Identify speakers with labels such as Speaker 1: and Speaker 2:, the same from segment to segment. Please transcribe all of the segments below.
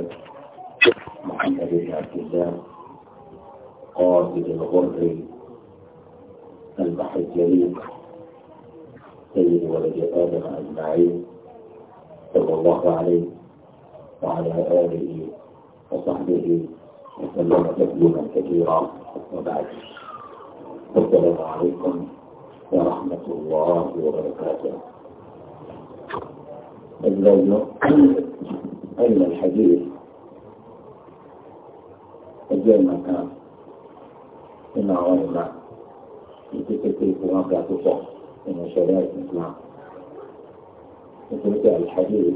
Speaker 1: الأول محمد بن عبد الله قائد الغر البحر الجليل سيد ولد آدم أجمعين صلى الله عليه وعلى آله وصحبه وسلم تسليما كثيرا وبعد السلام عليكم ورحمة الله وبركاته أين الحديث الجامعة إن عوالنا يتكتل في مقاة صح إن شرائط نسمع يتكتل الحديث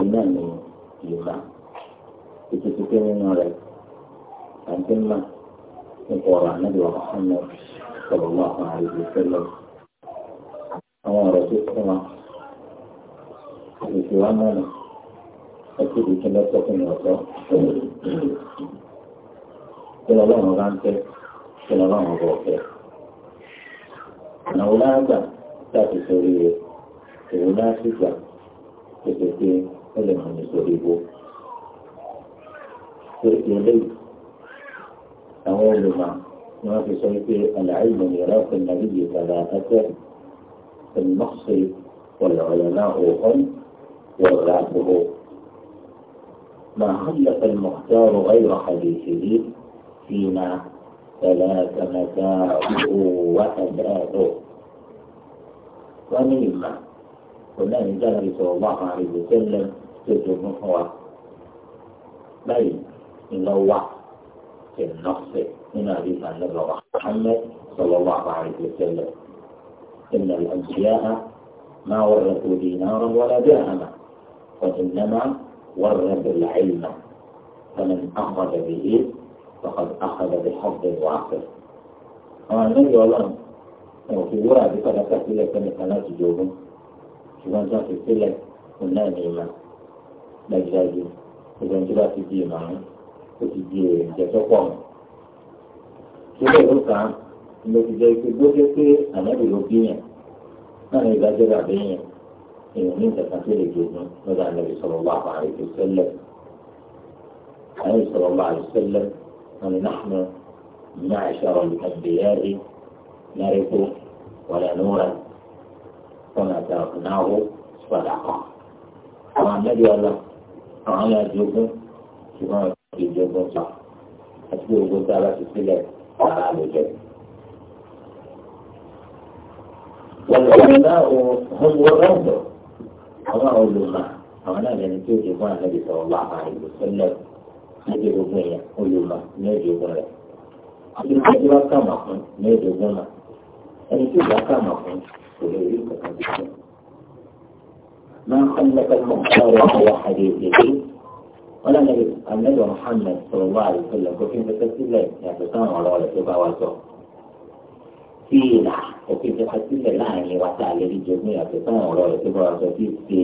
Speaker 1: إمام يمع يتكتل من عرق أن تم مقورا نبي محمد صلى الله عليه وسلم أمار رسول الإسلام أكيد كما تكون الله كلا الله غانته كلا الله غوته أنا ولا أبا تاتي سوريه ولا أشجع تتكين إلا ما نسوريه تركي لي أقول ما ما في سوريه العلم ميراث النبي ثلاثة المقصد والعلماء هم وابلعته ما خلف المختار غير حديثه فيما ثلاث متاعه وأداته ومما قلنا للنبي صلى الله عليه وسلم تجد هو بين اللوع في النص من حديث عن محمد صلى الله عليه وسلم إن الأنبياء ما ورثوا دينارا ولا درهما فإنما ورد العلم فمن أخذ به فقد أخذ بحظ واقع أنا أقول لك أنا في وراء أنا تحتيلة كان أنا تجوبه شو أنا تحتيلة تحتيلة أنا نعمة نجاجي أنا انتبه تجي أنا وتجي جاتقون أنا كان يقول كان إنه تجي في جوجة في أنا بلوبينة أنا إذا جرى بينة من تفاصيل الجنون ماذا النبي صلى الله عليه وسلم النبي صلى الله عليه وسلم أن نحن معشر الأنبياء نرث ولا نورا وما تركناه صدقا وعن النبي قال وعلى جبن شبان في جبن صح أتبه قتالة السلة وعلى الجبن والعلماء هم الرمضة àwọn olùmọ àwọn náà lẹni tí ó ti fún àlẹ́ ìsọ̀rọ̀ wà á ìlú sẹ́lẹ̀ níbi ogun yẹn olùmọ ní èdè ogun rẹ̀ àti ní ẹjọ́ kàmà fún ní èdè ogun náà ẹni tí ìgbà kàmà fún kò lè rí kankan bí fún. máa ń kọ́ nípa mọ̀ ọ̀rọ̀ àwọn àdéhùn wọn náà lẹ́yìn àlẹ́ ìwà Muhammad sọ̀rọ̀ wà á ìsọ̀rọ̀ ń tẹ́tẹ́ sílẹ̀ yàtọ̀ sáwọn ọ̀rọ̀ rẹ̀ tó bá wa sọ̀rọ̀ sí ìlà òfin ìjọba sílẹ̀ láàrin wa tá a lè rí jogún yàtọ̀ fún ọ̀rọ̀ rẹ̀ tó bá sọ sí ṣe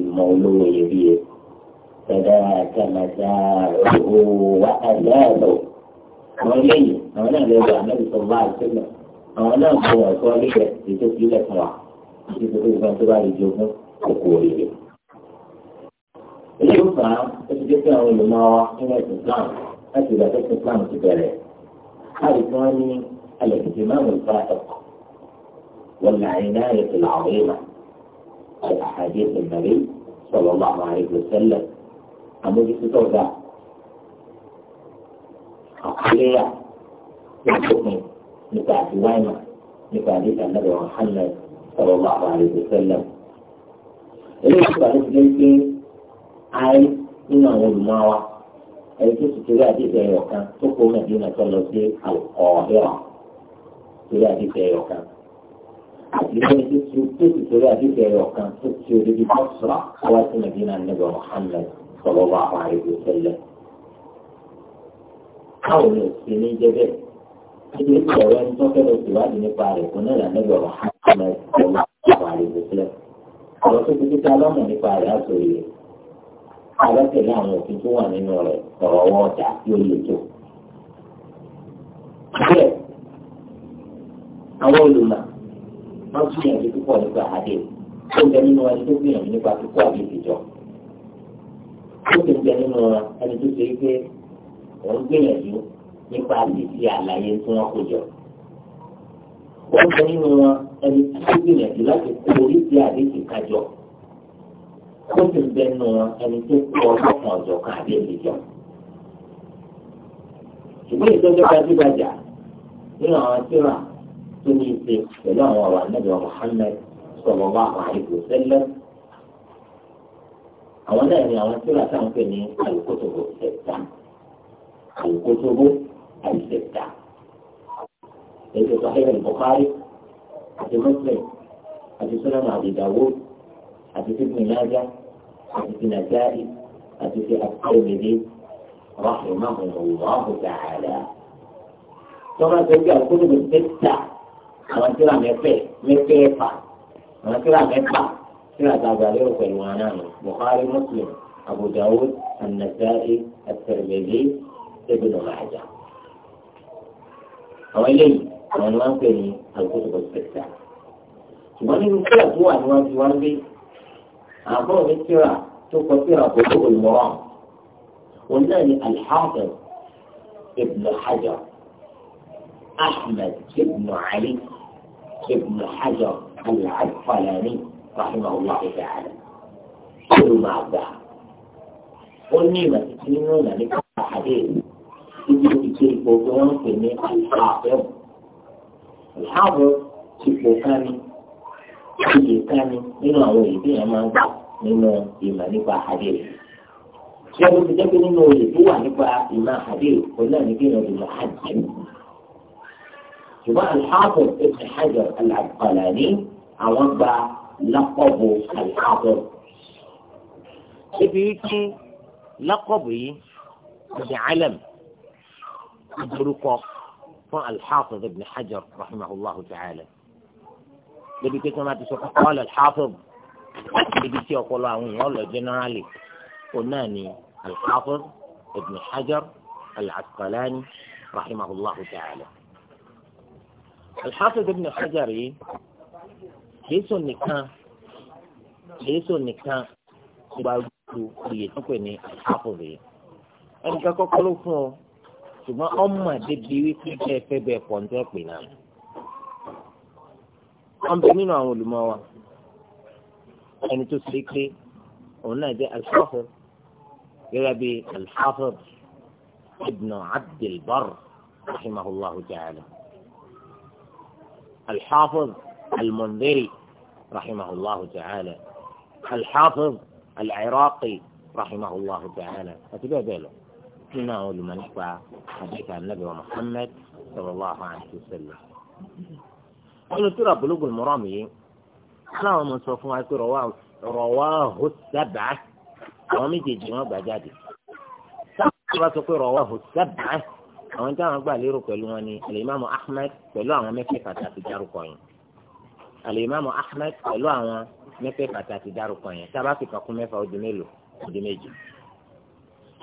Speaker 1: ìmọ̀ olówó iyebíye. Ṣẹ̀dá kàmàdà òwò wa àlẹ́ẹ̀lò. Àwọn eléyìí, àwọn náà lè wọ àmẹ́lì tó bá àìsílẹ̀. Àwọn náà fún wa. Ìṣe Èyí fà á, ó ti dé àwọn olùmọ̀ wa nínú ẹ̀sìn Islam láti ìgbà tó ti Islam ti bẹ̀rẹ̀. Káàdì tí wọ́n ní الاهتمام الفائق والعناية العظيمة على حديث النبي صلى الله عليه وسلم أمودي ستوزع عقلية يحكمي نتاع سوانة نتاع النبي محمد صلى الله عليه وسلم إليه سؤال سجلتي عايز إنه الماوى أي كيف ذاتي زي تقوم مدينة الله القاهرة torí àdìsẹ̀ ẹ̀yọ̀ kan. Àdìsẹ̀ tó ti tó ti torí àdìsẹ̀ nígbà Mùhàmmad sọ̀rọ̀ wà àwọn Káwọn ò sí ní jẹ́bẹ̀. Ibi ìsọ̀rọ̀ ẹni tó fẹ́ lọ síwájú nípa rẹ̀ kò náà nígbà Mùhàmmad sọ̀rọ̀ àwọn àìsàn Ọ̀rọ̀ tó ti ti ta lọ́mọ nípa rẹ̀ àtòrí rẹ̀. Àlọ́tẹ̀lé àwọn òfin tó wà nínú rẹ̀ ọ̀rọ̀ wọn ọ̀dà yóò lè tó àwọn olùmọ̀ wọ́n gbìyànjú púpọ̀ nípa àdé tó ń bẹ nínú ẹni tó gbìyànjú nípa púpọ̀ àdé ìjọ. ó ti ń bẹ nínú ẹni tó ṣe pé òun gbìyànjú nípa àdèsí àlàyé tí wọ́n kó jọ. wọ́n bẹ nínú ẹni tó gbìyànjú láti kó oríṣi àdèsí kájọ. ó ti ń bẹ nínú ẹni tó kó ọlọ́kan ọ̀jọ̀kan àdé ìjọ. ṣùgbọ́n ìtọ́jú gbajúgbajà nínú àwọn tíra تنيت سلام على النبي محمد صلى الله عليه وسلم أولا يعني أولا سورة تنفيني الكتب الستة الكتب الستة في صحيح البخاري حتى مسلم في سنن أبي داود في ابن ماجه في نسائي في الترمذي رحمه الله تعالى ثم تلك الكتب السته àwọn tí tíra mẹ́fẹ̀ mẹ́fẹ̀ẹ̀fà àwọn tí wà mẹ́fà tíra gbàgbàlẹ́ pẹ̀lú wọn náà nù Bukhari Muslim Abu Dawud An-Nasa'i at ló Ibn Majah. àwọn ilé yìí àwọn ni wọ́n ń pè ní al-kutub as-sittah. ṣùgbọ́n nínú mi tíra tó kọ tíra kòtò olùmọ̀ràn òun náà ni alukóso kutub as sittah sugbon ninu tira to wa niwaju wa n gbe abo mi tira to ko tira koto olumoran oun naa ni al hafiz Ibn Hajar Ahmad Ibn Ali. ابن حجر العسقلاني رحمه الله تعالى كل ما أبداه والنعمة تسلمون لك حديث يجب تجيب وقوان في الحافظ الحافظ تجيب ثاني تجيب ثاني من أولي دي أمان nínú ìmọ̀ nípa hadith. Ṣé o ti jẹ́ pé nínú òye tó wà nípa ìmọ̀ سواء الحافظ ابن حجر العبقلاني او وضع لقبه الحافظ بيجي لقبي بعلم برقة فالحافظ ابن حجر رحمه الله تعالى لبي كتما تسوق قال الحافظ لبي تيوق الله والله جنرالي قناني الحافظ ابن حجر العسقلاني رحمه الله تعالى Al-Hafiz Ibn Hajar yìí kìí sùn nìkan kìí sùn nìkan gba ju iye tó pè ní Al-Hafiz yìí ẹnìkan kọ́kọ́ ló fún ọ ṣùgbọ́n ọmọ débi wípé bẹ́ẹ̀ fẹ́ bẹ́ẹ̀ pọ̀ nítorí pè náà wọ́n bẹ nínú àwọn olùmọ̀ wa ẹni tó ṣe pé òun náà jẹ́ al gẹ́gẹ́ bíi al Ibn Abdul rahimahullahu ta'ala. الحافظ المنذري رحمه الله تعالى الحافظ العراقي رحمه الله تعالى فتبع ذلك إنه لمن يقع حديث عن النبي محمد صلى الله عليه وسلم قالوا ترى بلوغ المرامي أنا من يقول رواه رواه السبعة ومجي جمع بعد سوف سبعة رواه السبعة àwọn táwọn gbà lérò pẹ̀lú wọn ni alimami ahmed pẹ̀lú àwọn mẹ́fẹ̀ẹ̀fà tàbí dárúkọ yẹn alimami ahmed pẹ̀lú àwọn mẹ́fẹ̀ẹ̀fà tàbí dárúkọ yẹn sábà fi kankun mẹ́fà ó di mélòó ó di méjì.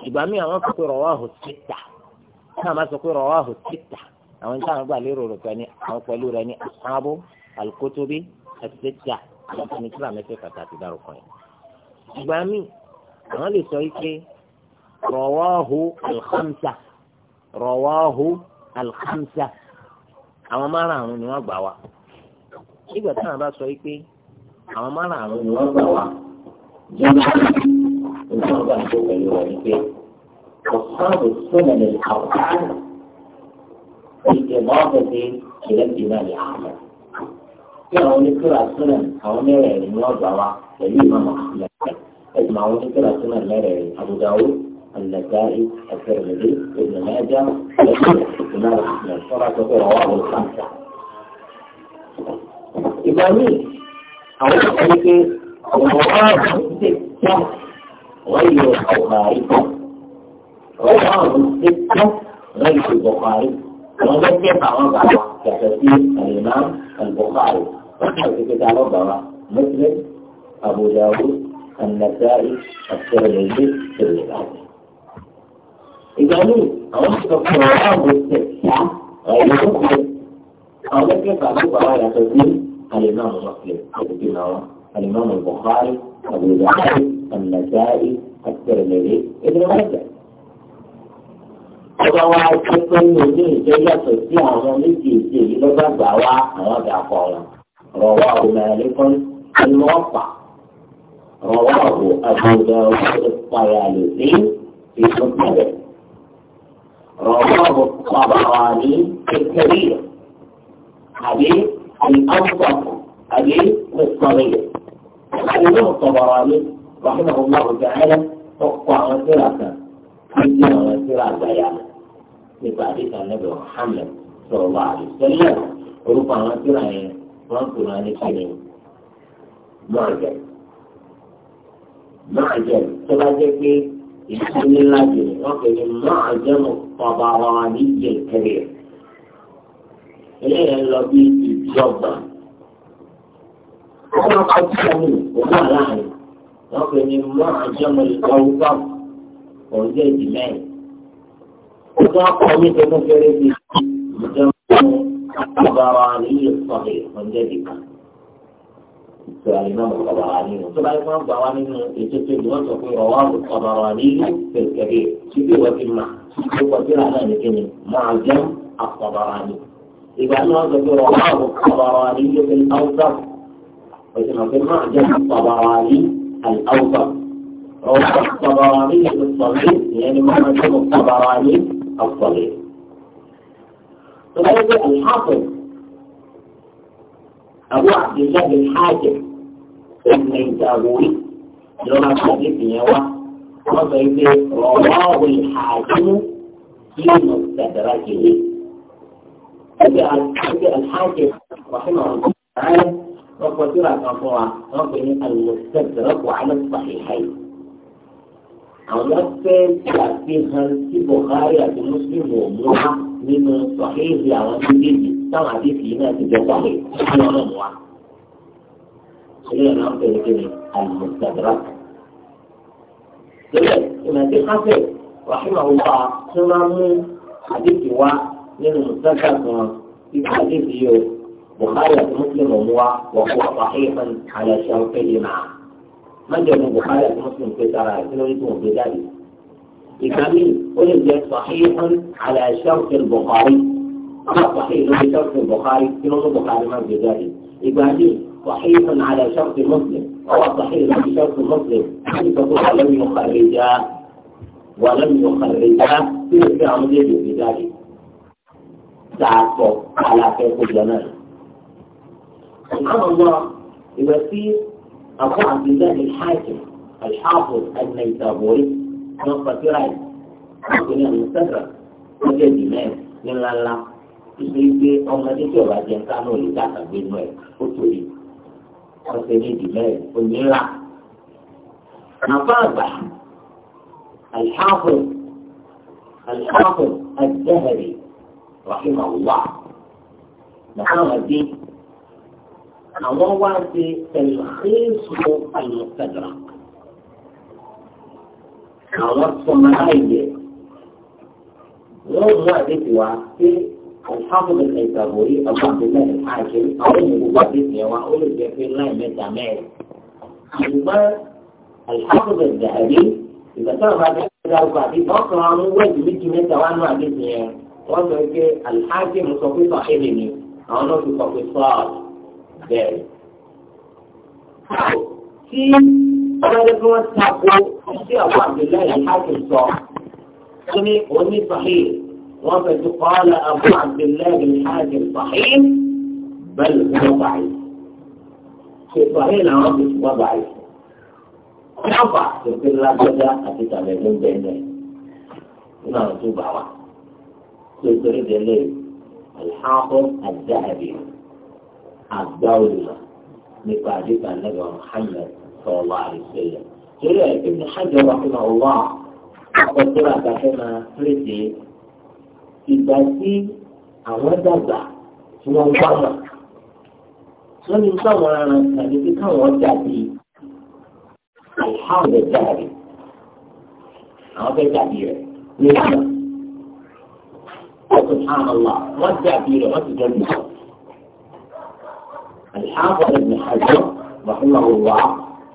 Speaker 1: ìgbà míì àwọn sọ pé rawahu sitta táwọn bá sọ pé rawahu sitta àwọn táwọn gbà lérò rẹ̀ ni àwọn pẹ̀lú rẹ̀ ni ashabu al-kutubi as-sitta àwọn tó yẹn. ìgbà míì àwọn lè sọ yìí pé rawahu rọwáhù alhamsa àwọn márààrún ni wọ́n gbà wá nígbà táwọn bá sọ yìí pé àwọn márààrún ni wọ́n gbà wá jẹ́nà nǹkan bá ṣe pẹ̀lú rẹ̀ pé ọ̀sánù sọ́nà ní àwòrán ìjẹ̀mọ́ ọ̀gbẹ̀dẹ̀ ìrẹ́pì náà ní àmọ́ tí àwọn oníkúrà sọ́nà àwọn mẹ́rẹ̀ẹ̀rin ni wọ́n gbà wá pẹ̀lú ìmọ̀ àmọ́ ẹ̀sìn àwọn oníkúrà sọ́nà mẹ́rẹ̀ẹ̀rin àbùdá النسائي الترمذي ابن ماجه الإمام الشرعي رواه الخمسة إمامي أو ذلك المراد ستة غير البخاري رواه ستة غير البخاري وقد يتوضع كتفسير الإمام البخاري وقد يتوضع مسلم أبو داود النتائج الترمذي في الإمام ìgbà míì àwọn ti sọ fún ọ̀rọ̀ àwọn ìṣẹ̀ ṣá ọ̀rọ̀ tó kù àwọn mẹ́kẹ́ bàbá bàbá yàtọ̀ sí alimami Muslim àdúgbò náà alimami Bukhari àbújáde ànàjáde àtẹrẹmẹrẹ ẹgbẹ́ wájà. ọba wa jẹ́ pé ní ojú ìjọ yàtọ̀ sí àwọn méjì ìṣe yìí lọ́gbà gbà wá àwọn àgbà kọ̀ wọn rọ̀wọ́ àwòmọ̀ ẹ̀lẹ́kọ́n ẹni wọ́n pa rọ̀wọ́ àwò àbújáde ọ̀ṣọ́ ìpayà lòdì ìṣọ́kọ̀rẹ́. رواه الطبراني في الكبير حديث الأوسط حديث الصغير حديث الطبراني رحمه الله تعالى اقطع حديث ثلاثة أيام في تاريخ النبي محمد صلى الله عليه وسلم ربع مسيرة ربنا لكني معجل معجل تبقى ìṣẹ́ni ńlá jù wọ́n pè ní máa jẹ́mu ọ̀bàrà níjẹ̀ kẹrẹ̀. eléyìí lọ bí ìjọba. wọ́n máa kọ́ sí ẹnu òkú aláàárín wọ́n pè ní máa jẹ́mu ìkọ́wúkọ́ òjò ìdí mẹ́rin. ó tún á kọ́ mi الإمام الطبراني وطبعا الإمام الطبراني يتفق دون تقول رواه الطبراني في الكبير في وفي المعنى هو في العلامة كمين الطبراني إذا أنا أقول رواه الطبراني في الأوسط ويسمى في المعنى جمع الطبراني الأوسط رواه الطبراني في الصغير يعني مع الطبراني الصغير طبعا الحافظ أبو عبد الله الحاكم النيسابوري اللي هو الحديث يوا وضعي رواه في مستدركه الحاكم رحمه الله تعالى وقد المستدرك على الصحيحين àwọn fẹ́ ṣàfihàn tí Bukhari àti Muslim ò mú wa nínú sọ̀híìrì àwọn méjèèjì táwọn àdéhùn yìí náà ti jọ pàdé nínú ọ̀nà wa ninu awon tawon naa ti wa هي ما أقول المستدرك ثم في قصر رحمه الله ثم حديث هو من المستدرك في حديث بخاري مسلم هو وهو صحيح على شرطهما ما جاء بخاري مسلم في ترى شنو في ذلك يكمل قل صحيح على شرط البخاري أما صحيح على شرق البخاري شنو البخاري ما في ذلك يبقى صحيح على شرط مسلم هو صحيح بشرط مسلم أن تكون لم يخرجا ولم يخرجا في في ذلك تعصب على كيف الجمال سبحان الله يبقى في أبو عبد الله الحاكم الحافظ النيسابوري نقطة في رأي الدنيا المستدرك وجد من الله ìgbégbé ọmọdé tí ọba jẹ nǹkan náà lè dàgbà gbé nù كفري دماء كنيرة نطابح الحافظ الحافظ الذهبي رحمه الله نحن دي نوى في تلخيص المستدرك نوى في مهيئ نوى في الحافظ الكيسابوري أبو عبد الله الحاكم أولي مبادئني وأولي الجفير لا يمتع معي ثم الحافظ الذهبي إذا ترى هذا الأربعة فقط عن وجه بيجي متى وأنا أبيتني وأنا الحاكم وصفي صاحبني أنا في صفي صار bẹ́ẹ̀. Tí ọlọ́dẹ tí wọ́n tako sí àwọn àgbẹ̀lẹ́ yìí láti sọ, ó وقد قال أبو عبد الله بن حاتم صحيح بل هو ضعيف في صحيح العربي هو ضعيف رفع في لا بد أتيت عليه من بينه هنا رسوب عوام تريد إليه الحافظ الذهبي الدولة عن النبي محمد صلى الله عليه وسلم ترى ابن حجر رحمه الله وقد ترى كما تريد ìgbà tí àwọn dàgbà tí wọ́n wá wà. wọ́n ní káwọn ara tàbí pé káwọn dàbí àìháwọn lè dàbí àwọn fẹ́ dàbí rẹ̀ ní ìlànà. ọ̀sùn àmàlà wọ́n dàbí rẹ̀ wọ́n ti jọ bí sọ. الحافظ ابن حجر رحمه الله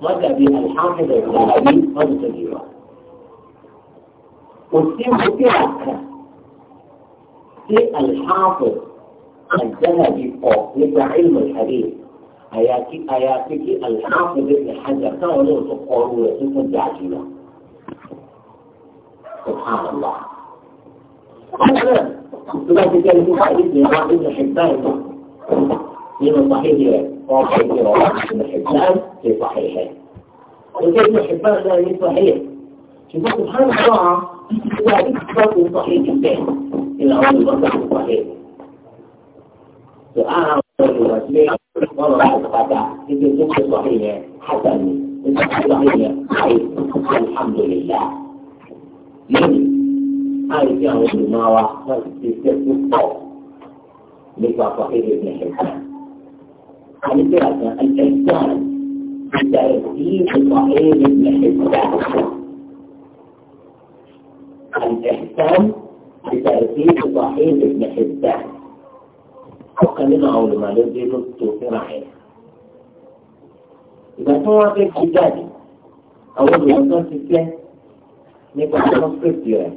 Speaker 1: رجع بها الحافظ ابن الذهبي رجع بها وسيم كثيرا في الحافظ الذهبي أو مثل علم الحديث آياتي آياتي الحافظ ابن حجر كانوا له تقولوا يسوس سبحان الله أنا دلوقتي كان في حديث من بعض ابن حبان من صحيح وصحيح ابن حبان في صحيحه ابن حبان ده صحيح سبحان الله إلى أول المصدر الصحيح دعاء الوسيلة مرة الفتاة إذا كنت صحيح حسن إذا كنت صحيح صحيح الحمد لله من هاي كان الماوى فالسيستم لك صحيح ابن حبان عن ثلاثة الإحسان بترتيب صحيح ابن حبان الإحسان بتأكيد صحيح ابن حبان وكلمة علماء لدي لطو في رحيم إذا كان واقع حجاجي أو الوصول في الكلام نبقى نصف الديران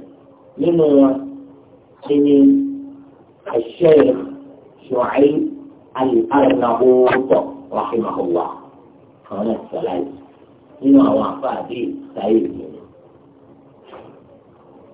Speaker 1: من هو سنين الشيخ شعيب الأرنبوط رحمه الله قناة ثلاثة من هو أعطاه دي سعيد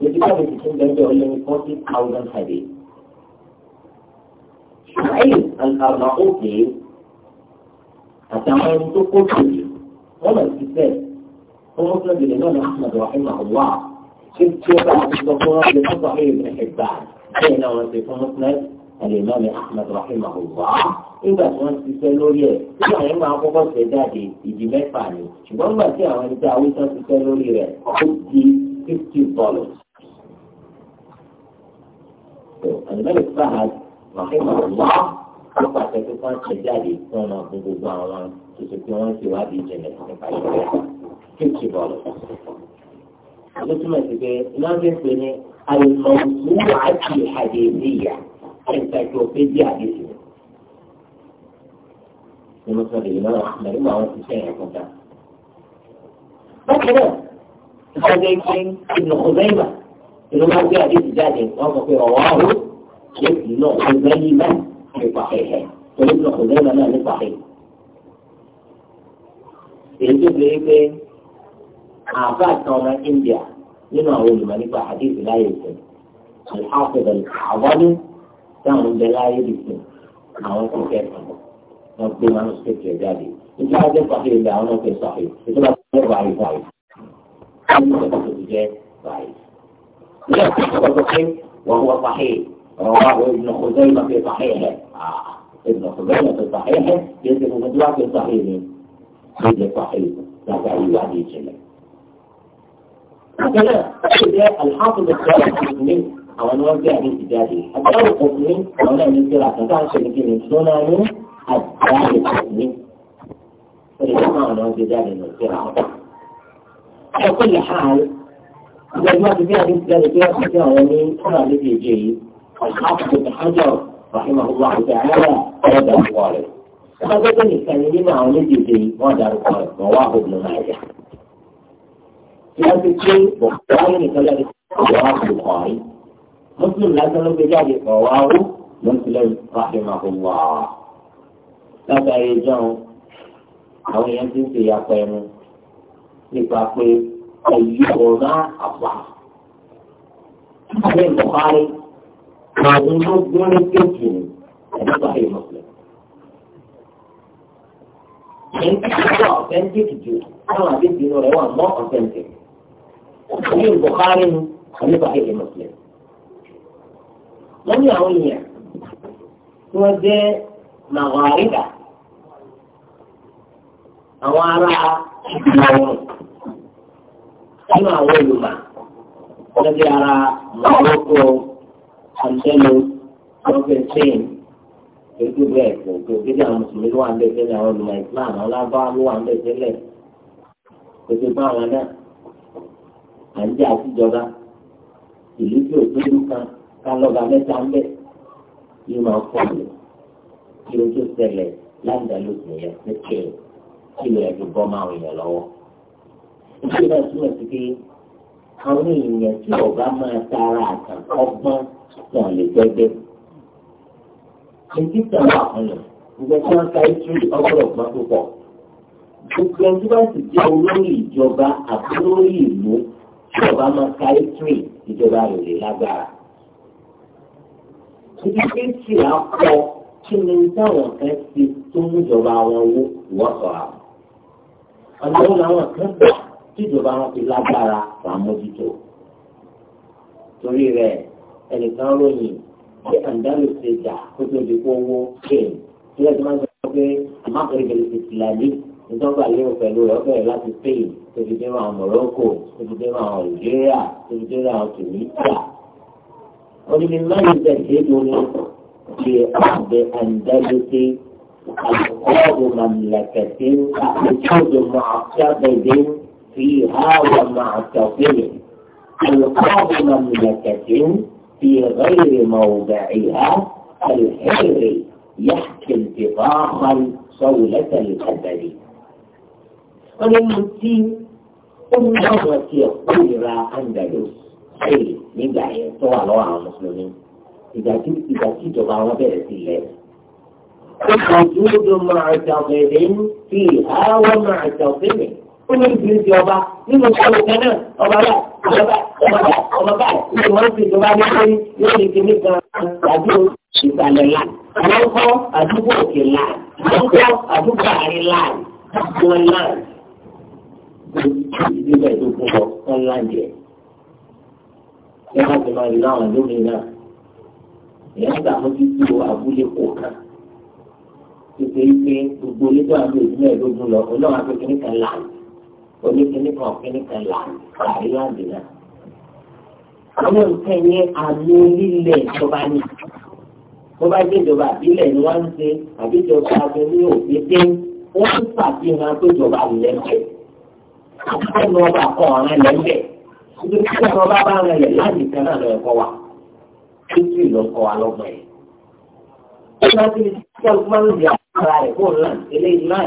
Speaker 1: The Bible is in the only 40,000 hadith. شعيب الأرناؤوطي أتعامل قدسي وما الكتاب هو مسند الإمام أحمد رحمه الله شفت شيخ عبد الغفور لصحيح ابن حبان هنا وصف مسند الإمام أحمد رحمه الله nígbà tí wọ́n ti ṣe lórí ẹ̀ tí àwọn yẹn máa kọ́kọ́ ṣe jáde ìdí mẹ́fà ni ṣùgbọ́n nígbà tí àwọn ẹni tí àwọn ìtàn ti ṣe lórí rẹ̀ ó di fifty dollars. الملك فهد رحمه الله nípa àtẹ̀tẹ̀ kan ṣe jáde fún ọmọ gbogbo àwọn tuntun tí wọ́n ti wádìí jẹ̀lẹ̀ nípa ìgbẹ́ fíìtì bọ́ọ̀lù. Àbí túmọ̀ sí pé wọ́n ti ń pè ní àlùmọ̀tún àti àdéhìyà encyclopedia àdéhì. Ní mo sọ lèyìn náà, mẹ̀rí mọ àwọn ṣiṣẹ́ yẹn kọjá. Bákan náà, ìṣàgbẹ́ ìṣe ìnùkọ̀ bẹ́ẹ̀ ìlú máa ń gbé àdéhùn jáde wọ́n sọ pé ọ̀wọ́ ọ̀hún ṣé ìlú náà ṣe lẹ́yìn náà nípa ẹ̀hẹ̀ torí ìlú náà lẹ́yìn náà nípa ẹ̀hẹ̀. èyí tó fi pé àbá kan ọmọ India nínú àwọn olùmọ̀ nípa àdéhùn láyé ìsìn al-Hafiz al-Hawazi táwọn ń bẹ láyé ìsìn àwọn tó kẹ́kọ̀ọ́ wọn gbé wọn ṣe kẹ̀ jáde nígbà tó pàṣẹ ìgbà àwọn ọ̀kẹ́ sọ̀rọ̀ ìtura والبخاري وهو صحيح رواه ابن خزيمة في صحيحه آه، ابن خزيمة في صحيحه يجب مدلع في صحيحه في صحيح لا تعيي وعدي جميع مثلا الحافظ الثالث المسلمين أو أن وزع من كتابه الدار القسمي أو أن من كتابه تعرف كلمة سنن الدار القسمي فلما أنا وزع من على كل حال ìgbàgbọ́ àti àwọn èèyàn ti ń ṣe ìyàpọ̀ ẹnu nípa pé أيهما أضعف صحيح البخاري كان يحبون الكتب هذا صحيح مسلم أنت أوثنتيك جو أنا أجد إنه رواه ما أوثنتيك صحيح البخاري هذا صحيح مسلم لم يعوني يعني هو ده مغاربة أو أرى nínú àwọn olùmọ̀ lọ́dẹ ara Morocco Andalus Provincin ètò bẹ́ẹ̀ kò kéde àwọn mùsùlùmí ló wà ń bẹ tẹ́lẹ̀ àwọn olùmọ̀ Islam ọlọ́gbà ló wà ń bẹ tẹ́lẹ̀ kò tó bá wọn náà à ń jẹ́ àtijọba ìlú tí ò tóbi kan ká lọ́ba mẹ́ta ń bẹ̀ yìí máa fọ́ mi kí o tó ṣẹlẹ̀ láǹdà lóṣù yẹn ní kéè kí lè ẹ̀dùn bọ́ máa wọ̀nyẹn lọ́wọ́ òṣèlú náà túmọ̀ pé àwọn èèyàn tí ọba máa tara àtàn ọgbọ́n wọn lè gbẹgbẹ́. Èyí tàn wà ọ̀nà ìgbẹ́ tí wọ́n ka ìtúrí ọgbọ́n púpọ̀. Gbogbo ẹni tí sì jẹ́ olórí ìjọba àti olórí ìlú tí ọba máa ka ìtúrí ìjọba rẹ̀ lè lágbára. Ibi tí ìtúrí akọ kí ni táwọn kan ti tó ń jọba wọn wó ìwọ́sọ̀ àwọn. Ọ̀nà wo làwọn kan bẹ̀rẹ̀? tíjọba wọn ti lágbára wàá mójútó torí rẹ̀ ẹnìkan ròyìn pé àǹdálò ṣe jà kó tó di kó owó kéèmù tí wọ́n ti máa ń sọ pé àmàkùnrin ìsìlámì ìtọ́gbà lérò pẹ̀lú rẹ̀ bẹ̀rẹ̀ láti Spain tóbi dé àwọn Morocco tóbi dé àwọn Algeria tóbi dé àwọn Tunisia onímọ̀ ìmáyìí bẹ̀rẹ̀ ṣe é lórí ṣe àgbẹ̀ àǹdálóṣe àkọ́ọ̀bù mamlẹ̀kẹ̀tì àkójọ́dù mọ̀ọ́kẹ́bẹ̀dẹ́ في هذا معتقد القادم من كتن في غير موضعها الحر يحكي انتفاخا صولة القدر ونمتين أمهوة قيرة أندلس أي من دعية طوال وعلى المسلمين إذا كنت إذا كنت بعض بيت الله وجود معتقد فيها ومعتقد ó ní ìdílé di ọba nínú ìṣòro kan náà ọba bá ọba bá ọba bá ìṣòro wọn ti ìjọba ní lórí yóò lè kíní kan àbí ìgbàlẹ̀ la àwọn kọ́ àdúgbò òkè la àwọn kọ́ àdúgbò àárín la wọn la ìdílé ìdókòwò lọ wọn la jẹ yàrá ti máa rí láwọn lórí náà ìyá gbà mọ́ títí abúlé kò kàn tètè ike gbogbo onígbà àti òjúmọ̀ ìdógún lọ ọlọ́run àti òkè láàyè oníkíní kan kíní kan là àrí àdìyà. àwọn nǹkan yẹn àmì lílẹ̀ ìjọba ni tó bá jẹ́ ìjọba àbílẹ̀ ni wọ́n ń ṣe àbí ìjọba abẹ́rẹ́ òfìdé wọ́n ń ṣàfihàn pé ìjọba lẹ́gbẹ̀ẹ́ àbẹ́nu ọba kan ọ̀ràn lẹ́gbẹ̀ẹ́ ibi tí wọ́n bá bá rẹ̀ lẹ̀ láti kan náà lọ ẹ̀kọ́ wa títí ìlọ́kọ̀ wa lọ́gbọ̀n yẹn. ó bá ti di sọ́ọ̀kì máa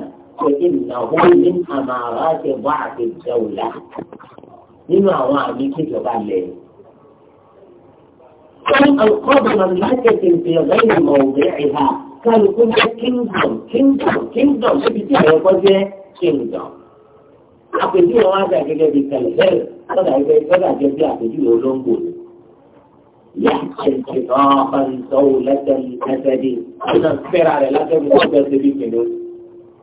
Speaker 1: ń فإنه من أمارات ضعف الدولة nínú àwọn àmì kíjọba lẹ̀. Wọ́n alkọ́bọ̀nà lákẹ́tì fi rẹ́yìn mọ̀ òbẹ̀rẹ̀ ìhà kálukú jẹ́ kingdom kingdom kingdom níbi tí àwọn ẹ̀kọ́ jẹ́ kingdom. Àpèjúwe wọn àgbà gẹ́gẹ́ bíi kẹlẹ́fẹ́rẹ́ sọ́dà ẹgbẹ́ sọ́dà jẹ́ bí àpèjúwe olóńgbò ni. Yà ẹ̀jẹ̀ náà ń sọ lẹ́sẹ̀ lẹ́sẹ̀ dì. Àwọn náà fẹ́ra rẹ̀ lákẹ́tì tó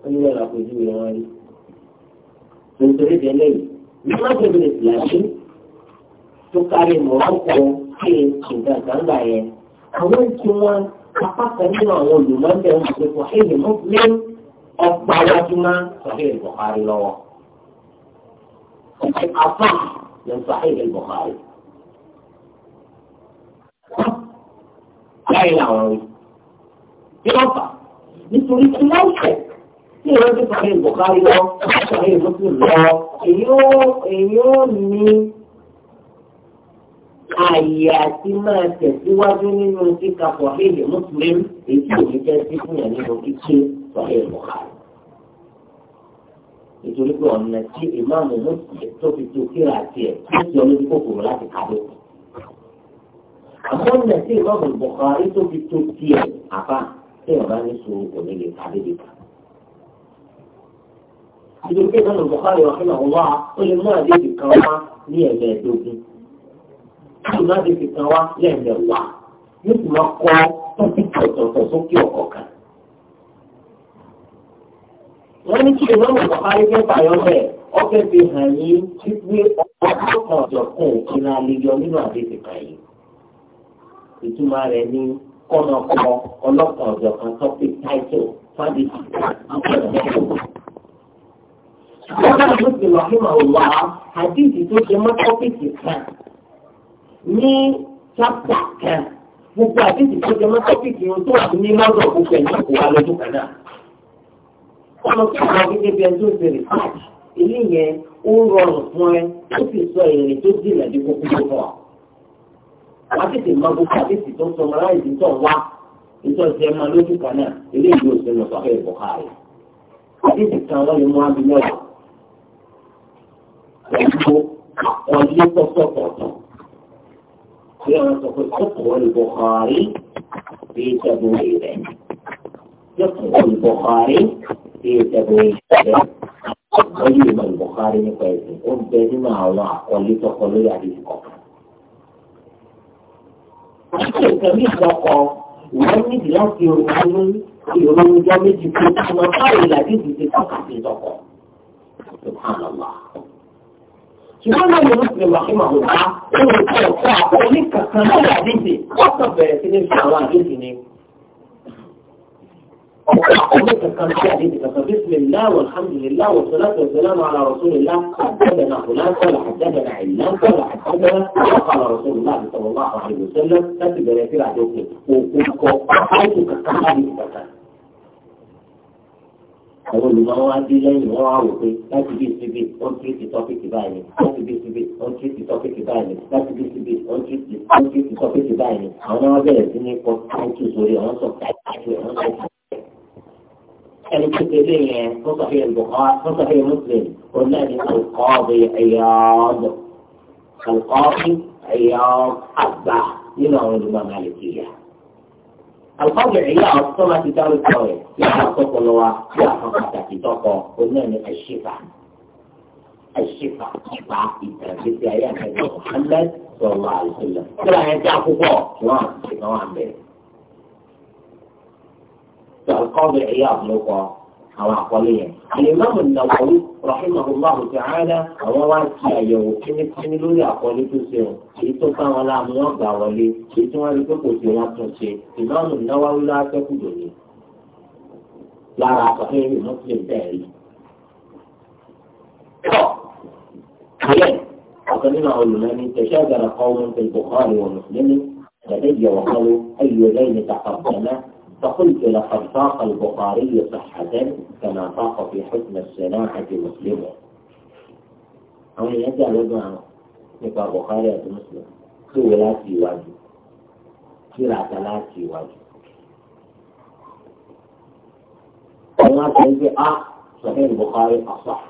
Speaker 1: onílẹ̀ làpọ̀jù rẹ̀ wọ́n rí. nítorí tẹ́lẹ̀ yìí nígbà tó lè sì tó kárí mọ̀ọ́kọ́ kí nǹkan kan gbà yẹn. àwọn tí wọ́n apá kan nínú àwọn olùmọ̀ọ́dẹ̀ ń pè fún ẹ̀yìn mọ́ ní ọgbà wájú máa sọ̀rọ̀ ìbọ̀kárí lọ́wọ́. àfà lè sọ̀rọ̀ ìbọ̀kárí. láì làwọn rí. kí ló fà? nítorí tí wọ́n fẹ̀ tí ìran ti sàrí ìbùkárí lọ sàrí ìbùkún lọ èyí ó ní ààyè àti máa tẹ̀síwájú nínú kíkà pọ̀lẹ́lì mùsùlùmí èyí tí òní jẹ́ sí fún yàn nínú kíkí sàrí ìbùkárí. nítorí pé ọ̀nà tí ìmáàmù mùsùlùmí tó fi tó kíra àti ẹ̀ tó ti ọlọ́dún kòkòrò láti kàdé. àmọ́ ọ̀nà tí ìmáàmù bùkárí tó fi tó kí ẹ̀ àbá tí ọ̀bá ní sùúrù ní lè nítorí pé ìbánu Bukhari ọ̀hún ó lè mú àdéhùn kan wá ní ẹ̀ẹ́dẹ́gbẹ̀ẹ́dógún ó lè mú àdéhùn kan wá lẹ́ẹ̀mẹ̀wá yóò sì máa kọ́ tọ́síkì ọ̀tọ̀ọ̀tọ̀ sókè ọ̀kọ̀ọ̀kan. wọ́n ní kí ìbánu fẹ́ fàyọ́ bẹ́ẹ̀ fi hàn yín ọ̀jọ̀kùn Bọ́lá Mùsùlùmí Rahimahullah àdìsí tó ṣe mọ́ tọ́pìkì kan ní chápítà kan. Gbogbo àdìsí tó ṣe mọ́ tọ́pìkì yẹn tó wà ní lọ́dọ̀ gbogbo ẹ̀ náà kò lọ́dún kan náà. tó wà gẹ́gẹ́ bí ẹni tó ṣe ilé yẹn ó rọrùn fún ẹ, ó sì sọ èrè tó dìnnà dé gbogbo tó fún ọ. Àdìsí mọ gbogbo àdìsí tó sọ mọ́ra ìdí tó wá ìtọ́jú ẹ̀ máa lójú kan ilé ìlú òṣèlú pẹ̀lú àkọlé tọ́tọ̀tọ̀tọ̀. Bí wọ́n sọ pé kókò olùbọ̀kọ̀rí bí ìjẹ̀bù rẹ̀. Yọ̀kọ̀ olùbọ̀kọ̀rí bí ìjẹ̀bù rẹ̀. Wọ́n yìí mọ ìbọ̀kọ̀rí nípa ẹ̀sìn. Ó ń bẹ nínú àwọn àkọlé tọkọ lórí àdéhùn kọ̀ọ̀kan. Àti ìkẹ́ bí ìjọkọ wọ́n níbi láti ronú ìrònú ọjọ́ méjì kó tó máa bá ìlàjì ìdíje tọ́ka sí ìjọkọ. Subhanallah. ṣùgbọ́n náà yóò fi wà fún àwọn ọ̀gá tó ń kọ́ ọ̀pọ̀ àpò oníkàkan lọ́wọ́ àdéhìí wọ́n sọ bẹ̀rẹ̀ sí ní fi àwọn àdéhìí ni. ọ̀pọ̀ àpò oníkàkan lọ́wọ́ àdéhìí kàkà bísímìlá wàlhámdùlélá wàsálàtù wàsálàmù àlà rọ̀sùlélá àtẹ́bẹ̀nà fúlánfàlà àtẹ́bẹ̀nà ìlànfàlà àtẹ́bẹ̀nà àlà rọ̀sùlélá àti sọ̀rọ̀ àwọn olùmọ̀wá dé lẹ́yìn wọ́n á wò pé láti bí síbi ó ń tírìtì tọ́pìkì báyìí láti bí síbi ó ń tírìtì tọ́pìkì báyìí láti bí síbi ó ń tírìtì tọ́pìkì báyìí àwọn náà bẹ̀rẹ̀ sí ní kọ́ táìtù sórí àwọn sọ táìtù àwọn sọ táìtù. ẹni tó ṣe lé yẹn tó sọ fún tó sọ fún muslim ó náà ní alukọ́ọ̀bù ẹ̀yọ́ọ̀dọ̀ alukọ́ọ̀bù ẹ̀yọ́ọ̀ القول عياض ثم كتاب القول يحقق لوا يحقق كتابه قلنا الشفع الشفع شفع في الآيات محمد صلى الله عليه وسلم ترى يتعقبه نعم نعم القاضي عياض لو أو الإمام النووي رحمه الله تعالى هو واسع يو كن كن لوري عقلي تسيو كيتو كان ولا مو عقلي كيتو على كوكو تسي الإمام النووي لا تكذبني لا رأي في نصيب بعيد وكاننا علماء تشاجر قوم في البخاري ومسلم لدي وقالوا أي ذين تقدم فقلت لقد طاق البخاري صحة كما طاق في حكم الصناعة مسلم أو يدعى لدعى نقا بخاري مسلم في ولاتي واجب في رعتلاتي واجب أنا أقول آه صحيح البخاري أصح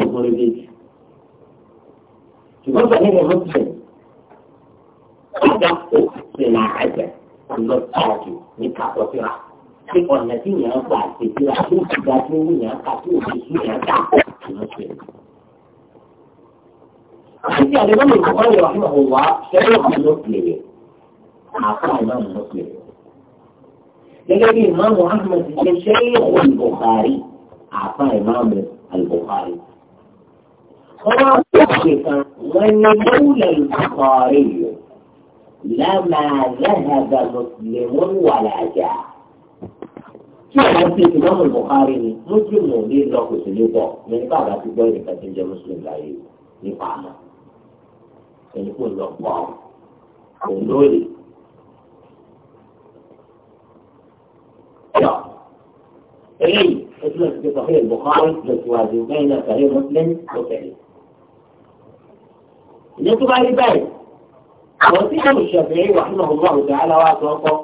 Speaker 1: أنظر إليك شو صحيح مسلم صناعته ọlọ́pàá jù ní kàtọ́síra pé ọ̀nà tí yẹn ń gbà tètè àti ìgbà tí ó yẹn ń kà tí òfin sí yẹn kà ìyẹn ṣe. Àti àdébọ́ mi kò wáyé wà fún ọ̀wá ṣẹ́yìn ọ̀hún ló pèrè. Àpá ìmáàmù ló pèrè. Gẹ́gẹ́ bí ìmáàmù Ahmed ṣe ṣẹ́yìn ọ̀hún al-Bukhari. Àpá ìmáàmù al-Bukhari. Wọ́n wá pèsè kan wọ́n ní Mọ́wúlẹ̀ al-Bukhari yìí. لما ذهب مسلم ولا جاء كان في إمام البخاري مسلم مدير له سلوكه من بعد في بيت فتنجة مسلم لا يقام يعني كل الأخبار ونولي طيب. إي اسمع في صحيح البخاري بس وازن بين صحيح مسلم وكذا. اللي تبغى يبين àwọn tí yóò ṣọ̀bẹ̀rẹ̀ wà kọ́kọ́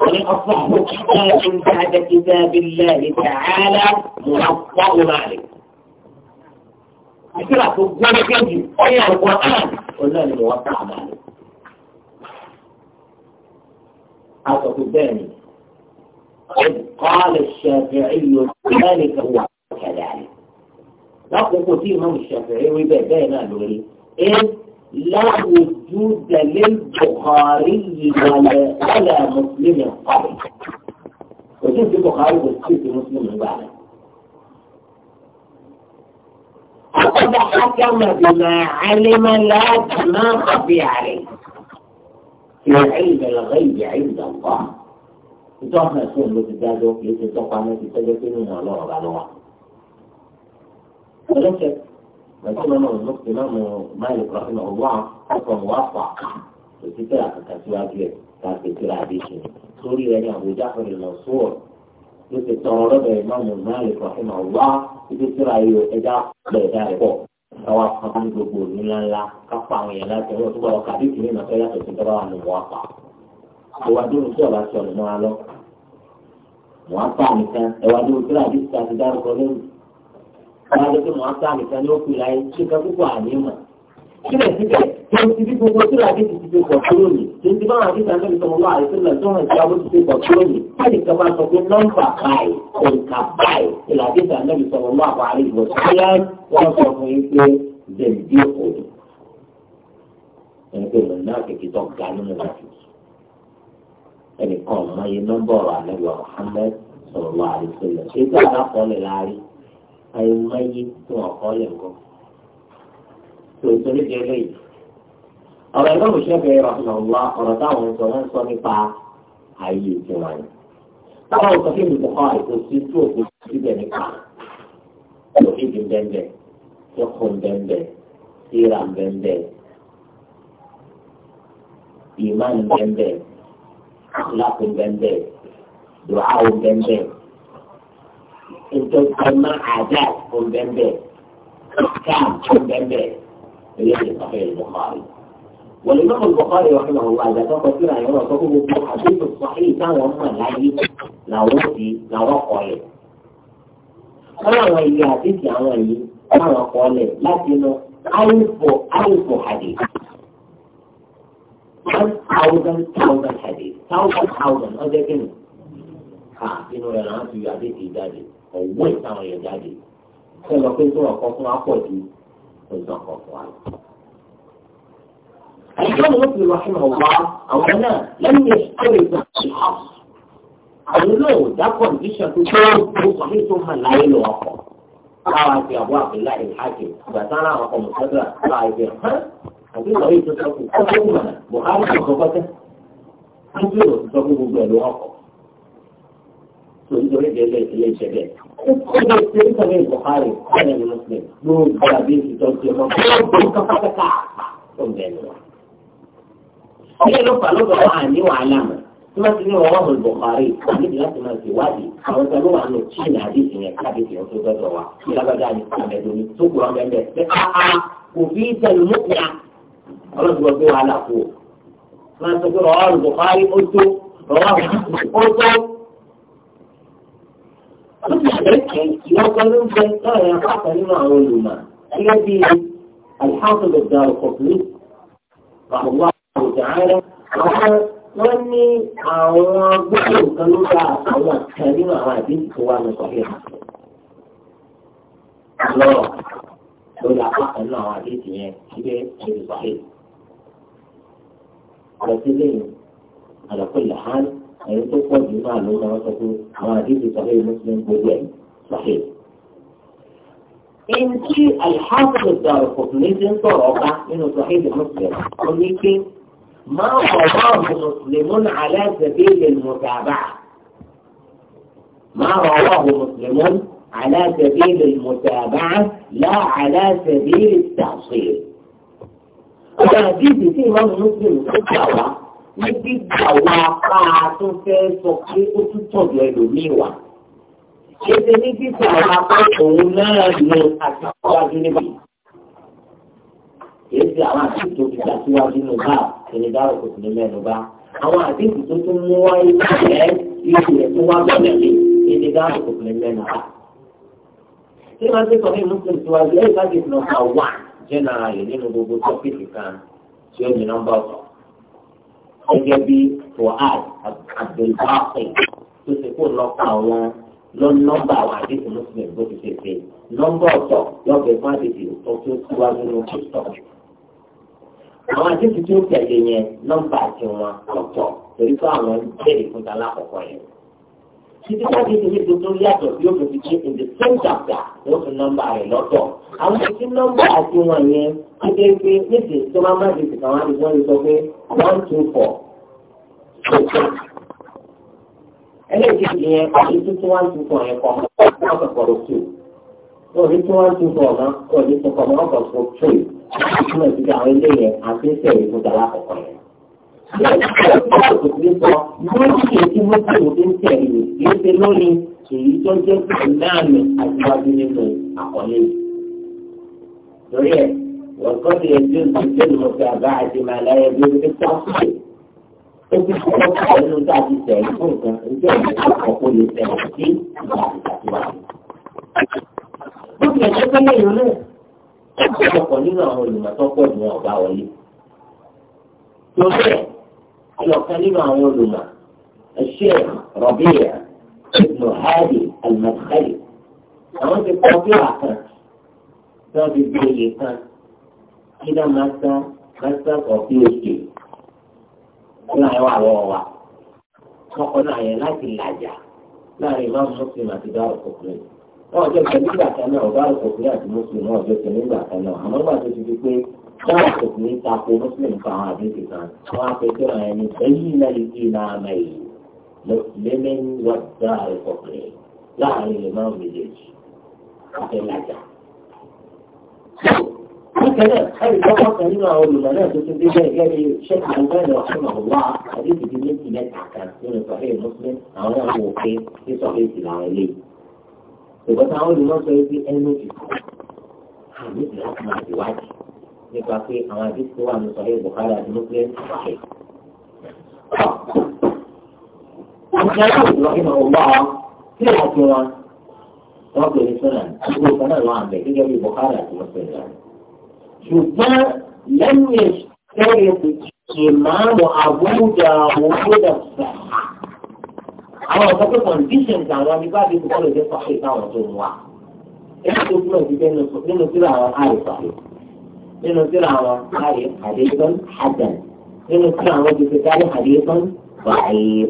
Speaker 1: ولأصبح كتاب بعد كتاب الله تعالى موفق مالك Ìṣúra tó gbọ́dọ̀ kéjì ọ̀yà ọ̀gbọ́n án ọ̀nà ni mo wá tá a máa lò. bẹ́ẹ̀ ni لا وجود للبخاري ولا ولا مسلم قبل وجود البخاري وجود مسلم بعد فقد حكم بما علم لا خفي عليه في علم الغيب عند الله ìtọ́ka lọ́sọ̀rọ̀ náà ló pe náà mọ máyì rọ́ọ̀nà ọ̀wá ọ̀pọ̀ ọ̀wá pa òtítẹ́ àkàkà síwájú ẹ̀ láti tẹ̀lé àdéṣe sórí ẹni àbújá fẹ̀rẹ̀ lọ sóòrò ló ti tọrọ lọ́dọ̀ ìmáàmù máyì rọ́ọ̀nà ọ̀wá ibi tíra yìí ẹja pẹ̀lẹ́ ẹ̀dá ẹ̀ pọ̀ káwá fún un gbogbo nílá ńlá kápá àwọn èèyàn láti ọwọ́ tó bá ọkà bí kìíní náà fẹ́ yàtọ̀ sí bá wà ní wọ́n apá. ẹwà dúró tí ọ̀la ti ọ̀nà máa lọ. wọ́n apá nìkan ẹwà dúró tí ọ̀la ti ti dárúkọ lẹ́yìn àwọn àjọ pé mọ̀ á nìkan ní ó kù láyé ṣùgbọ́n púpọ̀ àní mọ̀. síbẹ̀síbẹ̀ tó ń ti bí gbogbo tí làdí ti ti fi pọ̀ kúrò ní tó ń ti bá àdí kan lórí tọmọ wáyé tó hàn sí abó ti fi pọ̀ kúrò ní láti kan máa sọ pé nọ́mbà báyìí òǹkà báyìí tí làdí lórí tọmọ wáyé ìwọ̀ sílẹ̀ wọ́n sọ fún yín pé zèndí àìmọye tó ọ̀kọ́ lè kọ́. Tòótórí di eléyìí. Ọ̀rọ̀ ìlú òṣèbẹ̀rẹ̀ ọ̀nàmọ́lá ọ̀rọ̀ táwọn sọ wọ́n sọ nípa ààyè ìjọba ni. Táwọn sọ fún ìlú kọ́ àìkú sí tó òkú síbẹ̀ nípa òfìdí bẹ́ẹ̀ tókùn bẹ́ẹ̀ síra bẹ́ẹ̀ ìmán bẹ́ẹ̀ àkùlákùn bẹ́ẹ̀ dùhàù bẹ́ẹ̀ تسمى عادات من بنبه أحكام من بنبه بيد صحيح البخاري والإمام البخاري رحمه الله إذا كان كثيرا يرى في الحديث الصحيح كان هم الذي نوتي نوقعه káwọn ilé àdéhìí àwọn yìí káwọn kọ lẹ̀ láti inú àìfò àìfò hadith one thousand thousand hadith thousand thousand ọjọ́ kìnnì ká inú rẹ̀ náà ti yọ àdéhìí jáde. ọ̀wọ́ ìtàwọn èèyàn jáde ṣé lọ pé tó ọkọ fún wa pọ̀ ju ọjọ́ ọkọ fún wa lọ. àyíká ni wọ́n ti lọ fún ọ̀wá àwọn náà lẹ́yìn ìṣòro ìgbà ìṣòro àwọn olóòwò dá kọ̀ǹdíṣàn tó tó tó sọ ní tó hàn láyé lọ ọkọ̀ láwa ti àbọ̀ àbílá ìhájì ìgbà táwọn àwọn ọmọ sọ́dọ̀ hàn àbí ìwà yìí tó sọ fún ọkọ̀ والدولة ليس به كل السلم غير البخاري هذا المسلم نور جابين في توصية مطلوب كفتك ثم بينه هي لفة لغة عني وعلامة ثم تقول رواه البخاري حديث لا تمام في وادي أو تقول عنه تشين حديث من الحديث يوصل بدروا إلى بدأ يستعملون سكرا من الاستقاء وفيت المقنع رد وضوء على أخوه ثم تقول رواه البخاري قلت رواه مسلم قلت يقال خلقا يقع لما علما الذي الحافظ الدار القطني رحمه الله تعالى قال واني اعوذ بك من شر كلمة هذه هو صحيح الله لا حق الله عليك يا كده شيء صحيح على سبيل على كل حال أن تقوى بما لو ما تقول ما هذه صحيح مسلم بجانب صحيح انت الحاصل الدار القطني انطرق انه صحيح المسلم ولكن ما رواه مسلم على سبيل المتابعة ما رواه مسلم على سبيل المتابعة لا على سبيل التعصيل الحديث في إمام مسلم تتابع ní gbígbà wa káà tó fẹ́ sọ Ṣéṣe ní títà àpapọ̀ òun náà lo àtìkọ́wájú níbà. Èsì àwọn àtìkù tó ti dà síwájú nù bá ìrìndà òkú sí mẹ́nu bá. Àwọn àtìkù tó tún mú wáyé ẹ̀ ìṣù rẹ̀ tó wá gbọ́dọ̀ lé ìrìndà òkú sí mẹ́nu bá. Ṣé máa ṣe sọ fún Mùsùlùmí síwájú ẹ̀ ìbájú ìfúnná ká wà jẹ́nàrálì nínú gbogbo tọ́pìkì kan tí ó ní nọ́mbà ọ̀tọ̀. Gẹ́gẹ́ bí Fuad Abdulbaqi tó ti kó lọ́kọ̀ àwọn lọ nọ́mbà àwọn àdéhùn muslim bó ti ṣe pé nọ́mbà ọ̀tọ̀ lọ́bẹ̀ẹ́ fún àdéhùn tó tó síwájú ní oṣù tọ̀. àwọn àdéhùn tí ó tẹ̀lé yẹn nọ́mbà àti wọn ọ̀tọ̀ torí fún àwọn bẹ́ẹ̀ fún ta lákọ̀ọ́kọ́ yẹn. títí káàdì ìdílé tó tó yàtọ̀ tí ó fi ṣe in the same chapter ló fi nọ́mbà rẹ̀ lọ́tọ̀. àwọn ìdí nọ́mbà àti wọn yẹn kéde pé níbi tó máa má ẹlẹ́ẹ̀kejì yẹn kọ́ni tí tí wọ́n ń tukọ̀ yẹn kọ́ máa kọ́ kọ́rọ̀ tù lórí tí wọ́n ń tukọ̀ náà kọ́ni tí kọ́ máa kọ́ kọ́rọ̀ tù ìtumọ̀ sí àwọn ilé yẹn àti ìṣẹ̀ ìfúnta lákọ̀ọ́kọ́ yẹn. lórí èyí tí mo ti wò ó ń tẹ̀lé yìí ṣe lórí èyí tó jẹ́ ìlànà àtiwájú nínú àkọlé lórí ẹ̀ wọ́n kọ́ ó ti kọ́ ọ́ nínú ti tẹ̀ ẹ́ fún nǹkan ojú ọ̀dọ́ tó lè tẹ̀ ẹ́ sí ìgbà àtìwájú. ó ti ẹ̀jẹ̀ pé lẹ́yìn náà ọ̀pọ̀lọpọ̀ nínú àwọn olùmọ̀tọ́ pọ̀ ọ̀gá wọlé. lọ́sẹ̀ ọlọ́kan nínú àwọn olùmọ̀ ẹ̀ṣẹ́ rọ̀bíyà ìbùnú háàdì àlùmọ̀tẹ́lì àwọn ti kọ́ bí àkàn tí ti gbé iye kan kí náà máa sá máa sá láàrin wà lọ́wọ́ wa ọkọ̀ náà yẹn láti làjà láàrin ìmọ̀ mùsùlùmí àti dáhùn kòkòrò náà ọjọ́ ìṣẹ́ nígbà kan náà dáhùn kòkòrò àti mùsùlùmí náà ọjọ́ ìṣẹ́ nígbà kan náà àmọ́ nígbà tó ti di pé dáhùn kòkòrò tako mùsùlùmí kan àwọn àdéhùn kan wọ́n á pèsè àwọn ẹni bẹ́yìn náà lè dín náà mẹ́yì lẹ́mẹ́ni wà dáhùn kòkòrò láàrin ìmọ̀ الكلام خير ده فقط هنا أقول له لا تكون ده يعني شيخ الألباني رحمه الله حديث جنين مدح كان من صحيح مسلم أنا أبو خير في صحيح العائلي يبقى تعود المصري في المجد حديث الأسماء في وجه nípa pé àwọn àdìsí wà ní sọ̀rọ̀ ìbùkárà àti muslim wáyé. Àwọn aláwọ̀ ìlọ́kìnà ọ̀gbà wọn tí ìlà tí wọn wọ́n pè ní sọ́nà àti ìlú kan náà lọ́wọ́ àbẹ̀ gẹ́gẹ́ bí ìbùkárà àti muslim rẹ̀. شفاء لم يشترط الإمام أبو داوود
Speaker 2: الصحة
Speaker 1: àwọn ọ̀sán pé conditions àwọn abibáàbí ti kọ́lé jẹ́ sọ́kè táwọn tó ń wá. Ẹni tó kúrò ti jẹ́ nínú síra àwọn àyè sọ̀rọ̀ nínú síra àwọn àyè àdéhùn àdàn nínú síra àwọn ti fi dálé àdéhùn báyìí.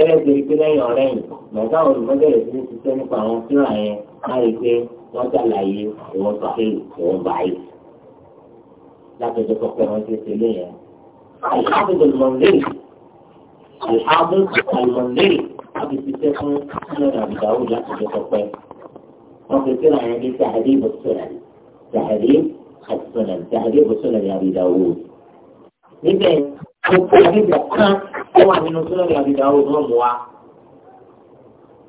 Speaker 1: Ẹgbẹ́ ti rí pé lẹ́yìn ọ̀rẹ́yìn, màgá olùmọ́bẹ̀rẹ̀ sí ti ṣiṣẹ́ nípa àwọn síra yẹn láì pé wọ́n ṣàlàyé ìwọ́n sàkéyì ìwọ́n báyìí. Lápẹjọ sọ pé wọ́n ti ṣe léyìn. Àlùfáàbùdù mọ̀lẹ́rì Àlùfáàbùdù mọ̀lẹ́rì láti ṣiṣẹ́ fún Mẹ́rin Àbùdáwò láti jẹ sọpẹ́. Wọ́n fi síra yẹn ní Sàhẹ́dí Bùsùlẹ̀ Sàhẹ́dí Bùsùlẹ̀ Sàhẹ́dí Bùsùlẹ̀ Àbùdáwò. Níbẹ̀ gbogbo àbíjà kan ó wà nínú Sùlẹ̀ Àbùdáwò náà mú wa.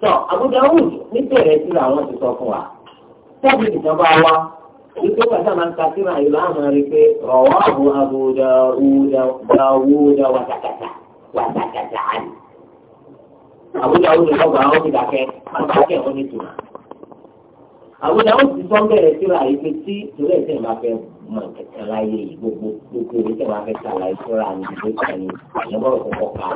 Speaker 1: Tọ́ Àbùdáwò níbẹ̀rẹ̀ síra wọn ti sọ fún wa tọ́bí nìkan bá wa èyí tó bàtà máa ń ka síra yìí láàmú rí pé ọ̀wọ́ àwọn abúdá wúdà wàtàkàtà wàtàkàtà àlè. àbúdá wúdà lọ́gbà àwọn ti dàkẹ́ àtàkẹ́ wọn ní tùmà. àbúdá wúdà ti sọ bẹ̀rẹ̀ síra yìí pé tí ìtura ẹ̀sẹ̀ máa fẹ́ mọ kẹ̀kẹ́ láyé yìí gbogbo gbogbo ẹ̀sẹ̀ máa fẹ́ sàlàyé síra ní ìgbésẹ̀ ní ìyẹ́bọ̀rọ̀ kọ̀ọ̀kan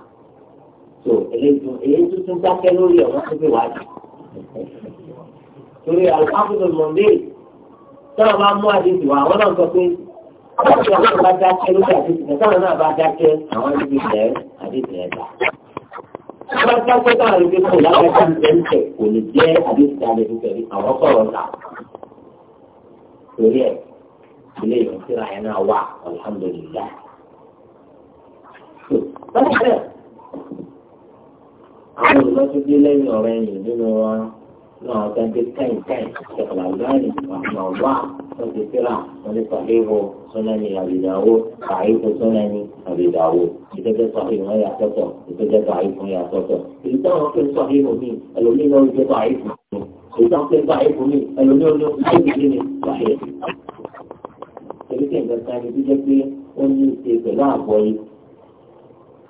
Speaker 1: tó eléyìí eléyìí tó tún dákẹ́ lórí ẹ̀ wọ́n tó fi wá jù. torí àwọn akóso mọ̀ndé táwọn bá mú àdéhùn wá àwọn náà sọ pé ọ̀pọ̀ àwọn bá dákẹ́ lórí àdéhùn ẹ̀ táwọn náà bá dákẹ́ àwọn ibi ìlẹ̀ àdéhùn ẹ̀ gbà. Bá dákẹ́ táwọn ibi kò lágbàtà ń tẹ̀ǹtẹ̀ kò lè jẹ́ àdéhùn àdéhùn tẹ̀lé àwọn kọ̀ọ̀rọ̀ ta. torí ẹ̀ ilé ìrọ̀síra ẹ̀ náà wà alhamdulillah. Bákan náà àwọn olùdókòdé lẹ́yìn ọ̀rẹ́ yìí nínú wọn náà gbẹ́gbẹ́ káìkáì ṣẹ̀kọ̀lá gbáàlì àmọ́ wà wọ́n ti fẹ́ra wọn ní sàkéwò sọ́nẹ́ni àbìdáwó sàkéwò sọ́nẹ́ni àbìdáwó ìtẹ́jẹ́ sàkéwò wọn yàtọ̀tọ̀ ìtẹ́jẹ́ sàkéwò yàtọ̀tọ̀ èyí táwọn fẹ́ sàkéwò mi ẹlòmíì náà ń jẹ́ sàkéwò mi èyí táwọn fẹ́ sàkéwò mi ẹlòmíì náà ń jẹ́ sàkéwò mi ìpèsè nǹkan kan ní jíjẹ́ pé ó ní ìṣe pẹ̀lú àgbọ̀yé.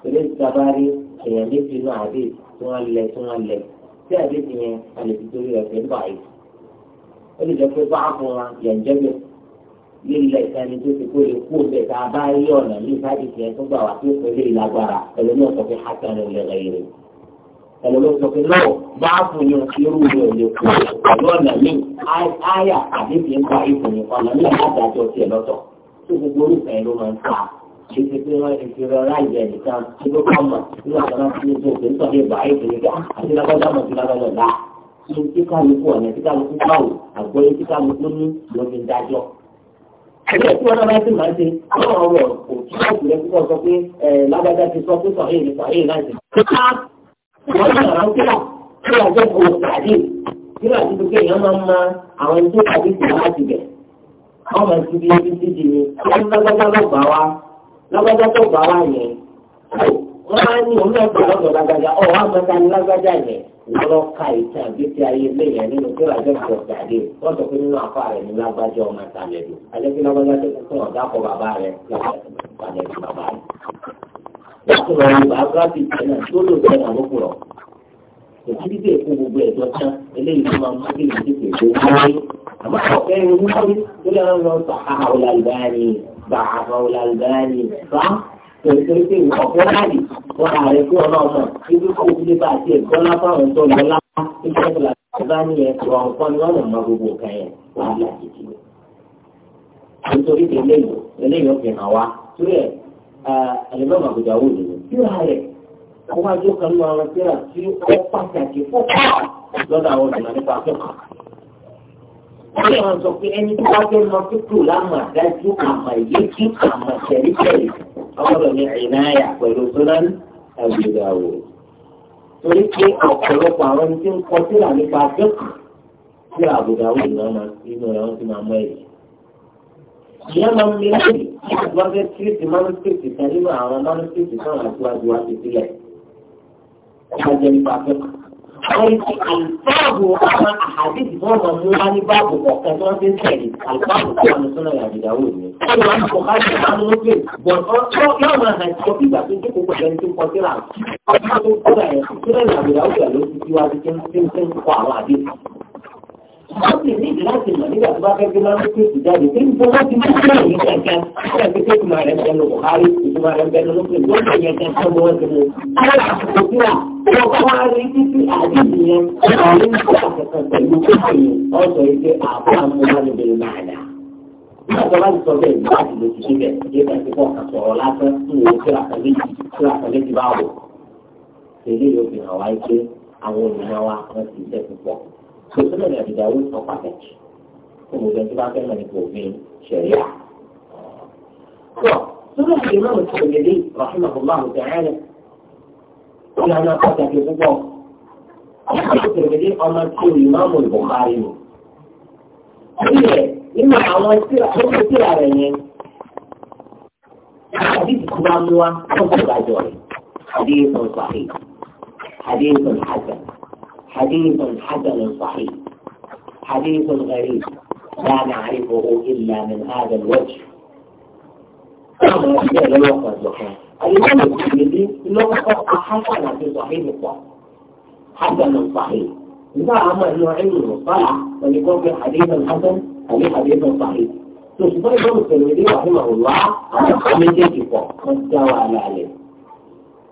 Speaker 1: Ìpèsè ìjọba rí èèyàn méjì náà àdéhùn tí wọ́n lẹ̀ tí wọ́n lẹ̀ tí àdéhùn yẹn a lè fi torí rẹ̀ fẹ́ bá yìí. ó lè jẹ́ pé bá fún wa yẹ̀ǹjẹ́gbẹ̀ lílẹ̀ ìtàní tó ti kó lè kú bẹ̀ tá a bá yí ọ̀nà ní ìsáàdì tiẹ̀ tó gbà wá tó pẹ̀lú ìlágbára ẹlòmíì sọ pé hasanù lè rẹ̀ yìí ẹlòmíì sọ pé náà bá fún yẹn irú rẹ̀ lè kú pẹ̀lú ọ̀nà míì áyà àdéhùn yẹn bá ìfòyìn ọ̀nà míì àdájọ́ tiẹ̀ lọ́tọ̀ tó gbogbo orúkọ yẹn máa ń ta kì í ṣe pé wọ́n ti rọ láì yẹ nìkan tí ló kọ́ mọ̀ nínú àgbàdo tí ó gbé ń tọ́jú ìgbà ayé ìgbèrè gbà àti lágbájá mọ̀ sí lágbájá gbà. Ṣé tí kálukú ọ̀nà tí kálukú báwò àgbọ̀yé tí kálukú ní ló fi dájọ́. Ẹgbẹ́ tí wọ́n náà bá sì máa ń ṣe àwọn ọ̀rọ̀ kò tí wọ́n kù lẹ́kú sọ pé lágbájá ti sọ pé sọ̀rọ̀ ní sọ̀rọ̀ láti. Wọ́n ní ọ̀rọ̀ ń kíra kí lọ́gbọ́dọ́ tó gbà wá yẹn wọ́n á ní òun náà gbà lágbájá ọ̀ wá gbọ́dá ní lágbájá yẹn lọ́wọ́ ka ìtàn àgbésí ayé lẹ́yìn nínú tó lajọ́ ìjọ tàdé wọ́n sọ pé nínú afá rẹ̀ ní lágbájá ọmọ ìtàlẹ̀ lò alẹ́bí lágbájá tó kún ọ̀dà kọ bàbá rẹ̀ lọ́wọ́ tó lò tẹ̀ náà lókùrọ̀ òtún bí bẹ́ẹ̀ ضعفه gbogbo àjọ kan lọ ara tí ó pàtàkì fún lọ́dọ̀ àwọn ọ̀nà nípa akẹ́kọ̀ọ́ wọ́n lè wọ́n sọ pé ẹni tó wájú lọ sí kù láwọn àdájú àmọ̀ ìyẹ́jú àmọ̀ tẹ̀lítẹ̀lì ọgbọ́dọ̀ ní ìnáyà pẹ̀lú sọ́dán àgbègbàwò. torí pé ọ̀pọ̀lọpọ̀ àwọn ẹni tí ń kọ síra nípa dẹ́kù sí àgbègbàwò ìnáwó inú rẹ̀ wọ́n ti máa mọ èyí. ìyá máa ń mìíràn yìí láti wá fẹ́ kírísì manuscript kan nínú àwọn manuscript kan àti wájú wá sílẹ̀. ó jẹ́ nípa dẹ́kù àwọn ti àlùfáàbù àwọn àhàdì tí wọ́n mú wá ní báàbù kọ̀ọ̀kan tí wọ́n ti ń tẹ̀lé àlùfáàbù tí wọ́n sọ́nà ìyàwó mi. ọ̀rọ̀ àwọn kọ̀ọ̀kan ti máa ń lọ pé bọ̀dọ̀ yóò máa hàn sí ọbí tó ń tó gbogbo ẹni tó ń kọ síra ọdún tó ń kọ́ wọ́n sì ní ìdí láti mọ̀ nígbà tó bá fẹ́ gbé lọ́wọ́ tó ti jáde tí nípa wọ́n ti máa ń bẹ̀rẹ̀ ní kankan nígbà tó tó máa rẹ̀ ń bẹ̀rẹ̀ lọ́wọ́ àárí ìtumọ̀ rẹ̀ ń bẹ̀rẹ̀ lọ́wọ́ pẹ̀lú wọ́n ti yẹn kan tó wọ́n ti mú. Àwọn àkókò tí wà
Speaker 2: wọ́n kọ́ wá rí títí
Speaker 1: àdìmí yẹn ọ̀rẹ́ ń bá kankan pẹ̀lú kókò yẹn ọ̀sọ̀ ìṣe àbọ̀ àmúhánibẹ̀rẹ̀ máa dà nígbà wa wọ́n ti jẹ́ púpọ̀ sọ̀tún ní àbìdáwó kan pàtàkì òmùgbẹ́ tó bá fẹ́ mọ̀ nípa òfin ṣẹ̀ríà. Lọ sórí àti ìmọ̀ ìṣòwòlélé rahimahullah ta'ala ọ̀nà náà pàtàkì púpọ̀. Ọ̀nà ìṣòwòlélé ọmọ tí o ìmọ̀ ìbùkárí ni. Ilẹ̀ nínú àwọn tíra rẹ̀ yẹn àdìsí tó bá mú wa tó ń bàjọ́ rẹ̀ àdìsí tó ń pàdé àdìsí tó ń hàjẹ́. حديث حسن صحيح حديث غريب لا نعرفه إلا من هذا الوجه الإمام الترمذي لقب حسنة في صحيح البخاري حسن صحيح إذا أما أنه علم المصطلح فليكون في حديث حسن أو حديث صحيح تصبح الإمام الترمذي رحمه الله على خمسة فوق والدواء عليه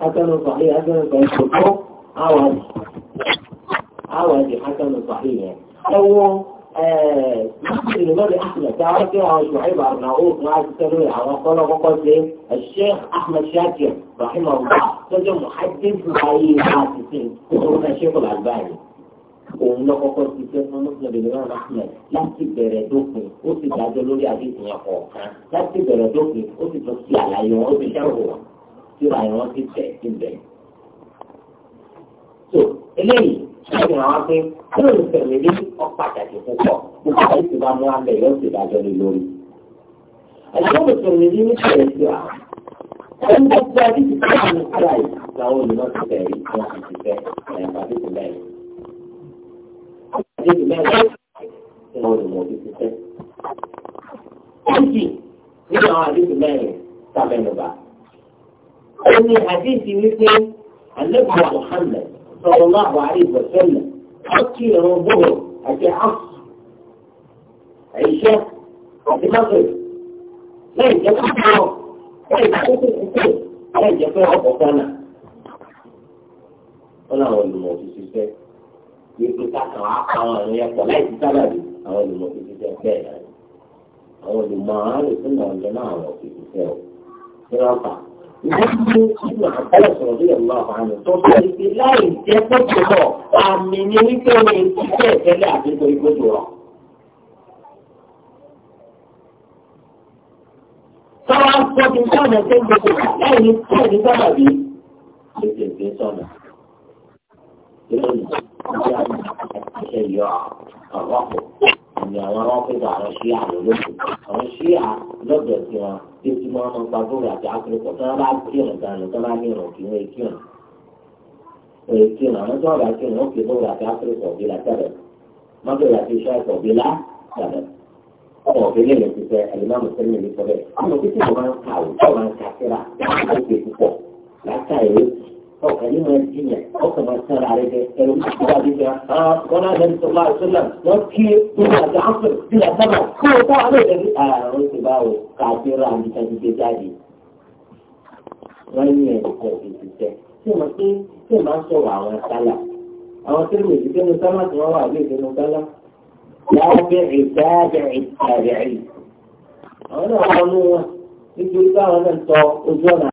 Speaker 1: حسن صحيح حسن صحيح حكم أو عوض حسن صحيح هو آه، الإمام أحمد تعرف كده شعيب أرناؤوط مع الثانوي على طلب وقت إيه؟ الشيخ أحمد شاكر رحمه الله سجل محدد حقيقي حاسسين وهو الشيخ الألباني òun kọ́kọ́ ti fẹ́ fún mùsùlùmí ìran ahmed láti bẹ̀rẹ̀ dópin ó sì dájọ́ lórí àdéhùn ẹ̀kọ́ kan láti bẹ̀rẹ̀ dópin tíra ìran ti tẹ̀ sí bẹ̀. tó eléyìí ṣáàbì àwọn pé kúrò ní tẹ̀lé ní ọ̀pàtàkì púpọ̀ púpọ̀ ó sì bá mú abẹ yóò sì dájọ́ lé lórí. ẹ̀sọ́ mi tẹ̀lé ní ní tẹ̀lé sí wa. ẹ̀sọ́ mi tẹ̀lé ní ti tẹ̀lé ní kíra yìí làwọn olùmọ̀ ti tẹ̀lé ní wọn ti ti fẹ́ ẹ̀yàpá tó ti bẹ́ẹ̀. àti ti bẹ́ẹ̀ ni wọn olùmọ̀ ti ti fẹ́. ó sì nínú àwọn àdéhùn mẹ́rin sábẹ́ nù bá. ẹni àdéhìí wípé àlẹ́kùn àlùfáàlẹ̀ sọ̀rọ̀ náà wà ní ìwọ̀sẹ̀lẹ̀ ọ̀kì ìrún bòrò àti áfù àìṣẹ́ àti mọ́tòrì lẹ́yìn jẹ́ kókó lẹ́yìn jẹ́ kókó kókó lẹ́yìn jẹ́ pé ọkọ̀ kánà. wọ́n láwọn olùmọ̀ ti ṣiṣẹ́ wípé káàkiri wàá pa àwọn àrùn yẹn pọ̀ láì ti sábàbí àwọn olùmọ̀ láti ìgbà àkọ́lẹ̀ sọ̀rọ̀ bí ọ̀la àbáyọ̀ tó sọ ibi láì jẹ́ pẹ̀tù lọ àmì ni wípé ní ìṣiṣẹ́ ìtẹ́lẹ̀ àdéhùn ìgbòdò rọ̀. Sọ́wọ́ sọ́dí sọ́nà tó gbogbo láì ní sọ́ọ̀dí sọ́nà bí ètò ìgbé sọ́nà. Ìlú ìṣẹ́ yọ àwọn àpò ni àwọn aláṣẹ́gbà àwọn ṣíà lólókè àwọn ṣíà lọ́dọ̀ sí wọn tí ó ti máa ń pa bóòlù àti áfíríkà tí wọ́n bá kírun dànù tí wọ́n bá ní ìrùn kí wọ́n kírun wọ́n kírun àwọn tí wọ́n bá kírun wọ́n kí bóòlù àti áfíríkà ọ̀bí la tẹ̀lẹ̀ mọ́tò àti iṣẹ́ ẹ̀kọ́ ọ̀bí la tẹ̀lẹ̀ ọmọ òbí lè ti fẹ́ ẹ̀lẹ́mọ̀mù sẹ́mi lè sọ bẹ́ẹ̀ ọkàn nínú ẹ̀jìnlẹ̀ ọkàn máa tán ara rẹ̀ ẹ̀rọ ìṣúra gbígbà àkọ́nà àdàbí sọ̀rọ̀ àìsọ́lá wọ́n kí nínú àjọ áfẹ́ bí àtàbà kí wọ́n kọ́ àlọ́ ìdẹ́bí ààrùn ti bá wò káàkiri ra àmì tàbí gbé jáde. wọ́n ní ẹ̀kọ́ ìṣiṣẹ́ tí mo ti tí mo sọ̀rọ̀ àwọn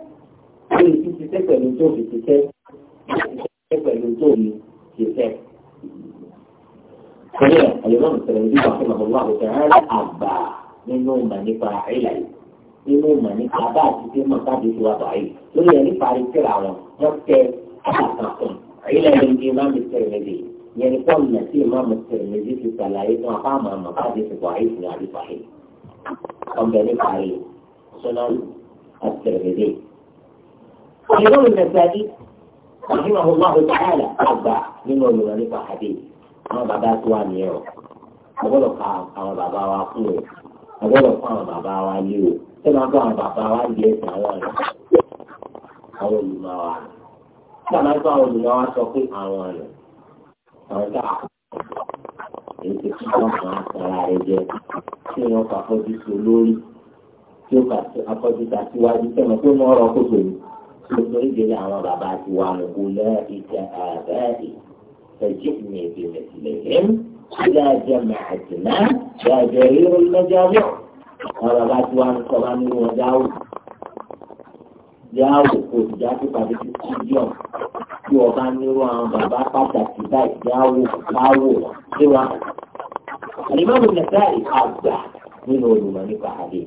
Speaker 1: ó lè ti ṣiṣẹ́ pẹ̀lú tó fi ṣiṣẹ́ ṣiṣẹ́ pẹ̀lú tó fi ṣiṣẹ́. Sọ́yà àyẹ̀wọ̀n sọ̀rọ̀ bí wàá fún àwọn àwòkẹ́ rárá àgbà nínú ìmọ̀ nípa àìlà yìí nínú ìmọ̀ nípa bá àti tí mọ̀ káàdì tí wàá bàáyì lórí ẹni parí síra wọn wọ́n tẹ àbàkà fún àìlà yìí ní ìmọ̀ mẹ́tẹ̀rẹ̀mẹ́dì yẹn ní pọ́ùn náà tí ìmọ̀ mẹ́tẹ̀rẹ̀mẹ́dì ti sàlàyé fún apá àmọ̀ àmọ̀ káàdì tí wàá yìí fún àdìpàáyì. Ọ̀bẹ ní parí sọ́nà àtẹ̀rẹ̀mẹ́dì الإمام النسائي رحمه الله تعالى أربع nínú olùrọ̀ nípa hadith àwọn bàbá tó wà ní ẹ̀rọ agbọ́dọ̀ ka àwọn bàbá wa kú o agbọ́dọ̀ kọ́ àwọn bàbá wa lé o ṣé máa kọ́ àwọn bàbá wa lé ẹ̀sìn àwọn rẹ̀ àwọn olùmọ̀ wa ṣé àmọ́ ẹ̀kọ́ àwọn olùmọ̀ wa sọ pé àwọn rẹ̀ àwọn tá a èyí ti kí wọ́n máa sara rẹ̀ jẹ tí wọ́n fà fọ́jú sí olórí tí ó fà afọ́jú sí àtiwájú tẹ̀mọ́ tó mọ́ ọ̀rọ̀ kókò yìí nítorí délé àwọn bàbá ti wà ní kúlẹ̀ ìkà àbáyé فجئني بمثلهم إلى جماعتنا يا جرير المجامع قال بعد وان قراني وداود jáwò kò sì já sí pàdé sí stadium tí ọba nírú àwọn bàbá pàtàkì báyìí jáwò káwò síra. àlìmọ́bù nàìjíríà ìka àgbà nínú olùmọ̀ nípa àdé.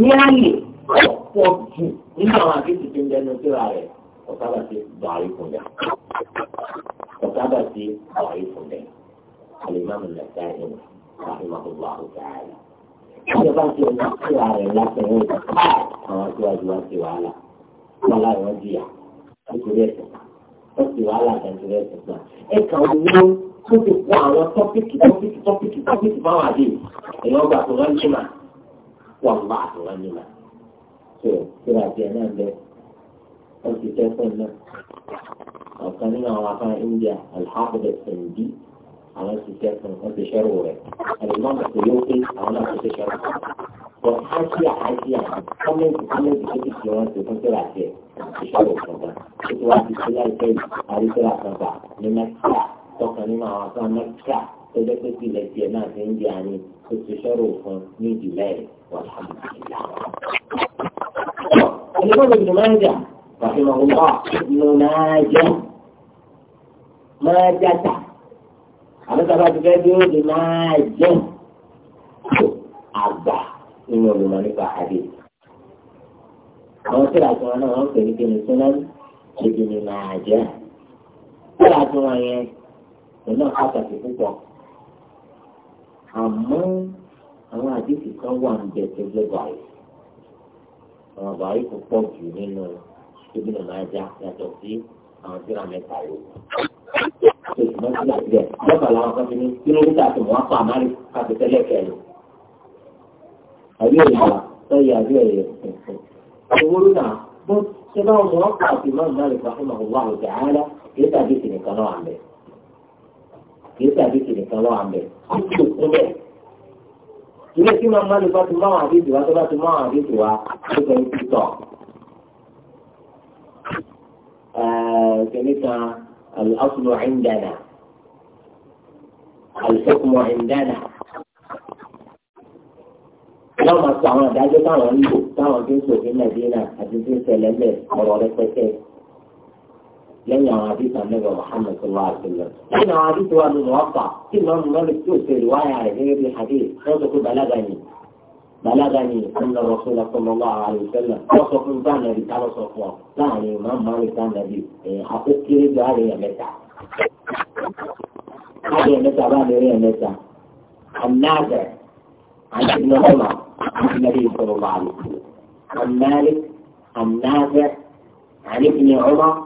Speaker 1: ní àlè ọ̀pọ̀ jù nínú àwọn àkéèsì tó ń dẹnu síra rẹ̀ ọ̀sábà ti bàárí fún dẹ. ọ̀sábà ti bàárí fún dẹ. alimami nàìjíríà yẹn rahimahullah ta'ala. ìjọba ti ọ̀nà síra rẹ̀ látẹ̀wé àwọn aṣíwájú wa ti wàhálà. wọn láì wọn jìyà nítorí ẹ̀sìn wọn ti wàhálà nítorí ẹ̀sìn náà. ẹ̀ka owó tó ti kó àwọn tọ́pìkì tọ́pìkì tọ́pìkì tọ́pìkì fáwọn àdéhùn ẹ̀yọ́ tó kíra àti ẹ̀ náà bẹ ó ti kẹ́kọ̀ọ́ náà ọ̀kan nínú àwọn afá India alhafiz sèǹdí àwọn ti kẹ́kọ̀ọ́ wọ́n ti ṣẹ́rù rẹ̀ àlùmọ́ kò yóò pé àwọn náà ti ṣẹ́rù rẹ̀ bọ̀ ájíà ájíà kọ́mẹ́ntì kọ́mẹ́ntì tó ti ṣe wọ́n ti fún kíra àti ẹ̀ ti ṣẹ́rù kọ̀ọ̀kan ó ti wá ti ṣe láìpẹ́ àríkíra kọ̀ọ̀kan ní mẹ́tíkà tọkàn nínú àwọn afá mẹ́tíkà tó jẹ́ pé kí ilẹ̀ tiẹ̀ náà ti ń di àárín ó ti ṣẹ́rù fún ní ìdílé rẹ̀ والحمد لله الإمام ابن ماجه رحمه الله ابن ماجه ماجة àwọn tí a bá ti fẹ́ bí ó di máa jẹ́ àgbà nínú olùmọ̀ nípa àdé. àwọn tíra tí wọn náà wọn pè ní kíni àwọn àdéhùn kan wà ń bẹ tó lé báyìí àwọn báyìí kò pọ̀ jù nínú ìbínú máa já yàtọ̀ sí àwọn tí mẹ́ta yìí oṣù mọ́tò láti rẹ̀ lọ́kàn làwọn kan fi ní kílómítà tó wọ́n pa àmárì káfí tẹ́lẹ̀ kẹ́lẹ̀ àbí òyìnbá lọ́yẹ àbí òyìnbá owó lónà bó ṣe bá wọn wọ́n pa àti máa márì pa fún àwọn àwọn ọ̀gá ara kìí tàbí kìnìkan lọ́wọ́ àmì kìí tàbí ilé tí màmá lè bá ti ma máa wà àdéhùn wa tó bá ti máa wà àdéhùn wa ló sọ ní títọ̀. كنت الأصل عندنا الحكم عندنا lọ́wọ́ máa sọ àwọn àdájọ́ táwọn ń lò táwọn fi ń ní Nàìjíríà àti fi ń ṣẹlẹ̀ ń bẹ̀ ọ̀rọ̀ rẹpẹtẹ لن يعاديك النبي محمد صلى الله عليه وسلم لن يعاديك هو المتوقع في هو مالك تؤسي رواية على غير الحديث صدق بلغني بلغني أن الرسول صلى الله عليه وسلم وصف من نبي النبي كان صفوان يعني الإمام مالك كان نبي إيه، حقيقة كريم هذه متى هذه متى بعد هي متى النافع عن ابن عمر عن النبي صلى الله عليه وسلم عن مالك النافع عن ابن عمر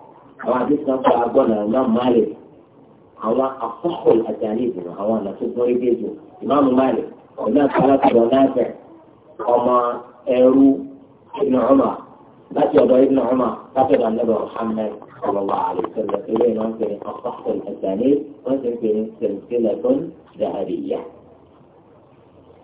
Speaker 1: àwọn àdìsàn tó agbọ́nà náà máàlì àwọn àkọ́kọ́ àjàlè ìdùnnú àwọn àna tó gbọ́ ilé ìdùnnú ìmáàmù máàlì ọ̀nà àkàlàkùnrin náà bẹ̀ ọmọ ẹrú ibn Umar láti ọ̀dọ̀ ibn Umar láti ọ̀dọ̀ anábẹ̀ Muhammad sọlọ́wọ́ àlùfẹ́lẹ̀ ilé náà ń pè ní àkọ́kọ́ àjàlè wọ́n ti ń pè ní sẹ̀ǹtẹ̀lẹ̀ tó ń dàrí yá.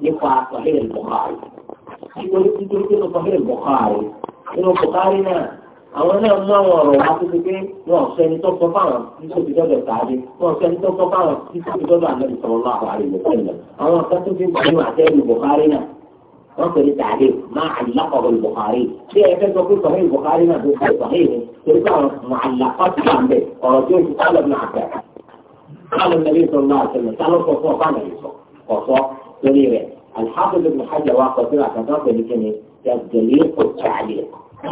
Speaker 1: nípa Sahih al-Bukhari nítorí nítorí pé Sahih al-Bukhari nínú Bukhari náà àwọn náà mú àwọn ọ̀rọ̀ wá tó ti pé wọn ò sẹ́ni tó sọ fáwọn títí òbí dọ́dọ̀ tàbí wọn ò sẹ́ni tó sọ fáwọn títí òbí dọ́dọ̀ àmẹ́bí sọ̀rọ̀ náà wà lè lọ́sẹ̀lẹ̀ àwọn ọ̀sán tó fi ń bọ̀ nínú àtẹ́lù Bukhari náà wọ́n pè ní tàbí máa àlàkọ̀ọ́ Bukhari bí ẹ fẹ́ sọ pé Sahih Bukhari náà tó ṣe Sahih ni torí pé àwọn àlàkọ̀ ti wà ń bẹ̀ ọ̀rọ̀ tó ti sálọ̀ náà bẹ̀. قال النبي صلى الله عليه وسلم تعالوا صفوا قال النبي صلى الله lórí rẹ̀ alhamdu ibn hajar wa kọsí ra kankan pẹ̀lú kíni yàgbẹ̀lẹ́ ọ̀tí àlè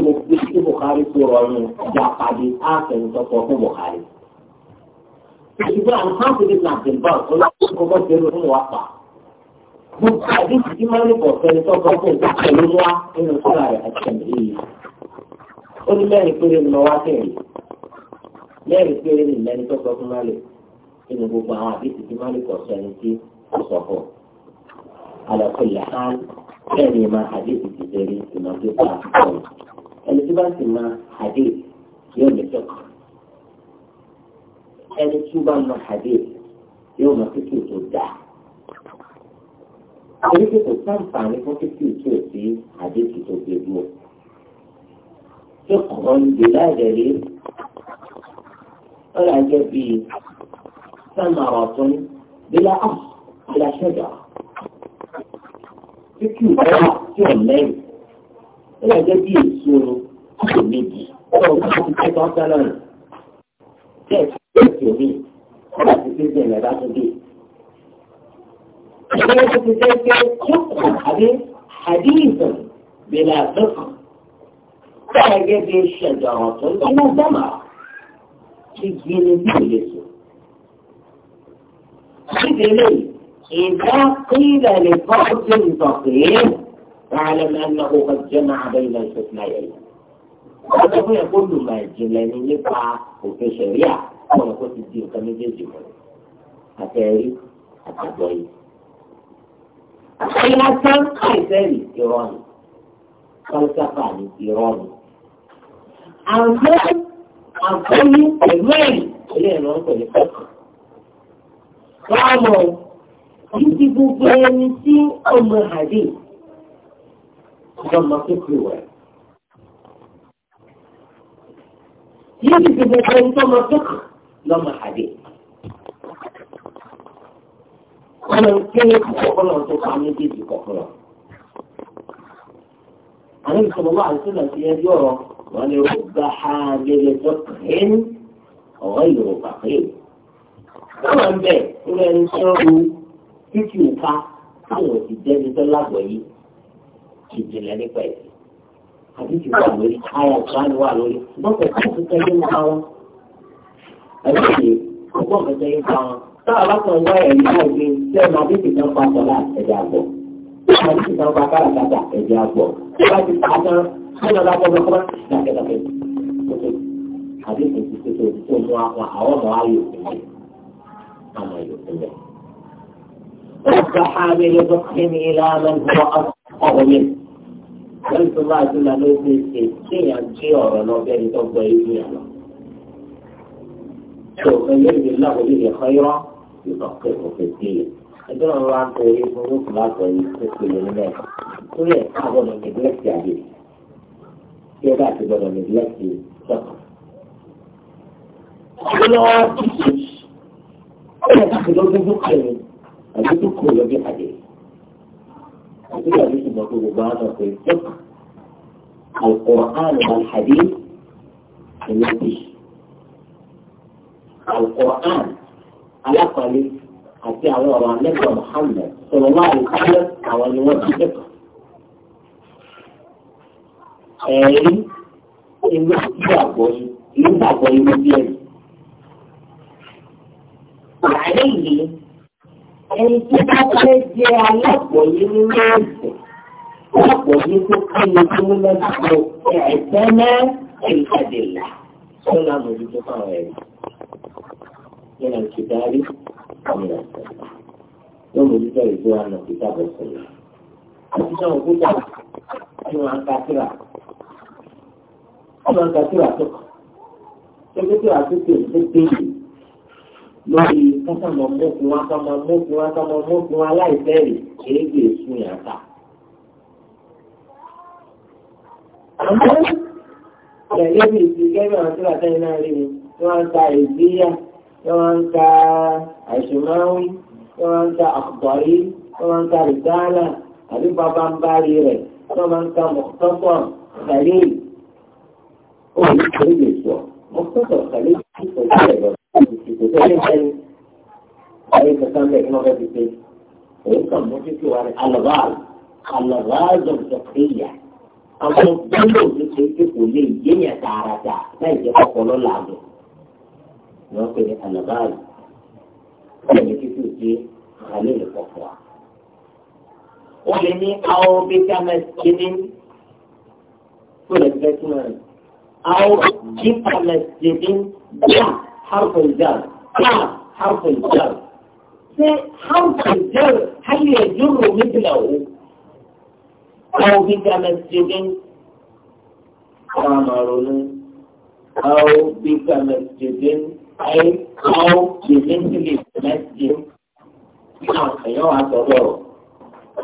Speaker 1: mo fi sí buhari tó rọrùn ìjà pàdé ààfẹ̀yìn tọ́kọ fún buhari. ìṣùgbọ́n alhamdu ibn abdulbar ọlọ́run kọ́kọ́ ṣe é fún wa pa. gbogbo àdéhùn tí máa ń bọ̀ fẹ́ni tọ́kọ fún ìjà pẹ̀lú wa nínú síra rẹ̀ àti yìí. ó ní mẹ́rin péré ni wọ́n wá tẹ̀lé mẹ́rin péré ni mẹ́rin tọ́kọ fún máa lè nínú gbogbo àwọn àdéhùn tí máa ń bọ̀ fẹ́ni tí sọ fún un. على كل حال ثاني يعني ما حديث الجزيري في موضوع الاتباس ما حديث يوم الفقه هذا يعني شبا ما حديث يوم فكي تودع فكي تستمع فعنك وفكي تودي حديث تودي بمو فقه بلا دليل العجبي ثمرة بلا أصل بلا شجرة tí kì tí ò lẹ́yìn ó jẹ́ bí èso ọ̀rọ̀ tí ẹ̀ tí ọ̀rọ̀ tí ẹ̀ lẹ́dá tó dé. إذا قيل لفرد ضعيف فاعلم أنه قد جمع بين الحسنيين وأنه يقول ما الجنان يقع في شريعة ولا قلت الدين كم يجي أتاري أتاري أخيرا كان قيسري إيراني فلسفاني إيراني أمام أقول إيراني إليه نقول فقه قالوا títí gbogbo ẹni tí ọmọ àdé ọmọ tó pè wá. Yíyí ti gbogbo ẹni tó ọmọ tó kàn lọ́mọ àdé. Ọmọ ìkéré kọ̀ọ̀kan náà tó pa méjèèjì kọ̀ọ̀kan náà. Àwọn ìṣòro wà àti náà ti yẹn yọ̀rọ̀ wọn ni ó gba ha gẹ́gẹ́ tó kàn ọ̀rọ̀ ìrọ̀pàpẹ́. Báwọn bẹ́ẹ̀ ń lọ ẹni sọ́run. títí nǹkan táwọn òsì jẹ́ni tó lágbọ̀ yìí ìjìnlẹ̀ nípa ẹ̀sìn àti ti wà lórí àyà ìsáni wà lórí bọ́pẹ̀ tí ti tẹ́jú nípa wọn. ẹ̀sìn yìí ọgbọ́n mi tẹ́jú nípa wọn. táwọn bá wá ẹ̀rí náà gbé sẹ́nu àbíkì náà pa sọ́lá ẹ̀dẹ̀ àgbọ̀ àbíkì náà pa káràkátà ẹ̀dẹ̀ àgbọ̀ ti pa tán sẹ́nu ọ̀dà bọ́ọ̀ bọ́ọ̀ dákẹ́dákẹ́ àbíkì ti كحامل فقه إلى من هو أفقه منه lẹ́yìn tó bá àdúrà ló ṣe ṣe kéèyàn gbé ọ̀rọ̀ lọ bẹ́ẹ̀ ni tó gbọ́ ìlú yàrá. tó ẹyẹ ìlú náà kò lè kọ́ yọ ìtọ́kẹ́ òfin sí i. ẹjọ́ náà wá ń tẹ eré fún yóò fún láàbọ̀ yìí tó ṣe lè nílẹ̀. torí ẹ̀ ká gbọ́dọ̀ nìgílẹ́tì àgbè. tí ẹ bá ti gbọ́dọ̀ nìgílẹ́tì sọ̀tọ̀. ọ̀gbọ́n wa ti ṣe é. ó yẹ ká ti lọ́ọ́ àbí tó kò lọ́jọ́ àjẹ́ àdé àti bí àdé ṣùgbọ́n tó gbogbo àwọn ọ̀pẹ ìjọba القرآن والحديث النبي القرآن على alákọ̀ọ́lẹ̀ àti àwọn ọ̀rọ̀ amẹ́kọ̀ọ́ Muhammad sọ̀rọ̀ máa ń kálẹ̀ àwọn ni wọ́n ti dẹ́kọ̀. ẹ̀rí
Speaker 2: ìlú ìgbà àgbọ̀ yìí ìlú àgbọ̀ yìí ló bí ẹ̀rí.
Speaker 1: ẹni tí bá fẹ́ jẹ alápòyé nínú ẹ̀sìn alápòyé tó kéye tó mú lọ́dọ̀ ẹ̀ẹ́dẹ́ náà ẹ̀ẹ́dẹ́ là tó náà fáwọn ẹ̀rí nínú ìkìdárí àmì ọ̀sẹ̀ yóò mo dúdú ìlú àná ìdá bọ̀sẹ̀ àti sọ̀rọ̀ gbúdà ẹni wọn ọmọ lórí kọ́sọ̀mọ̀ mọ́kun wá sọ́mọ mọ́kun wá sọ́mọ mọ́kun wá láìpẹ́ rè kéèké sun yàn ká. àmọ́ gẹ́gẹ́ bí ti gẹ́gẹ́ àwọn tí wàá náà rí mi tí wọ́n ń ta ìgbéyà tí wọ́n ń ta àṣemáwí tí wọ́n ń ta àkùbọ̀rí tí wọ́n ń ta rìgálà àbí bàbá ń bárí rẹ̀ tí wọ́n ń ta mọ̀tọ́pọ̀ kàlẹ́ òní kéèké sọ mọ̀tọ́pọ̀ kàlẹ́ òní kéèké sọ kò tó lè bẹ́ẹ̀ ni ayé kankan bẹ́ẹ̀ kí wọ́n fẹ́ fi pé èyí kan mú títí wa rẹ̀ alabaalu alabaalu zọkìyà àwọn gbọ́dọ̀ ní pé pé kò lè yéèyàn tààràtà láì jẹ́ kọ́kọ́lọ́ làbẹ̀ wọ́n pè ní alabaalu wọ́n lè títí òkè àlẹ́ lè حرف الجر حرف الجر حرف الجر هل يجر مثله أو بك مسجد قمر أو بك مسجد أي أو بمثل مسجد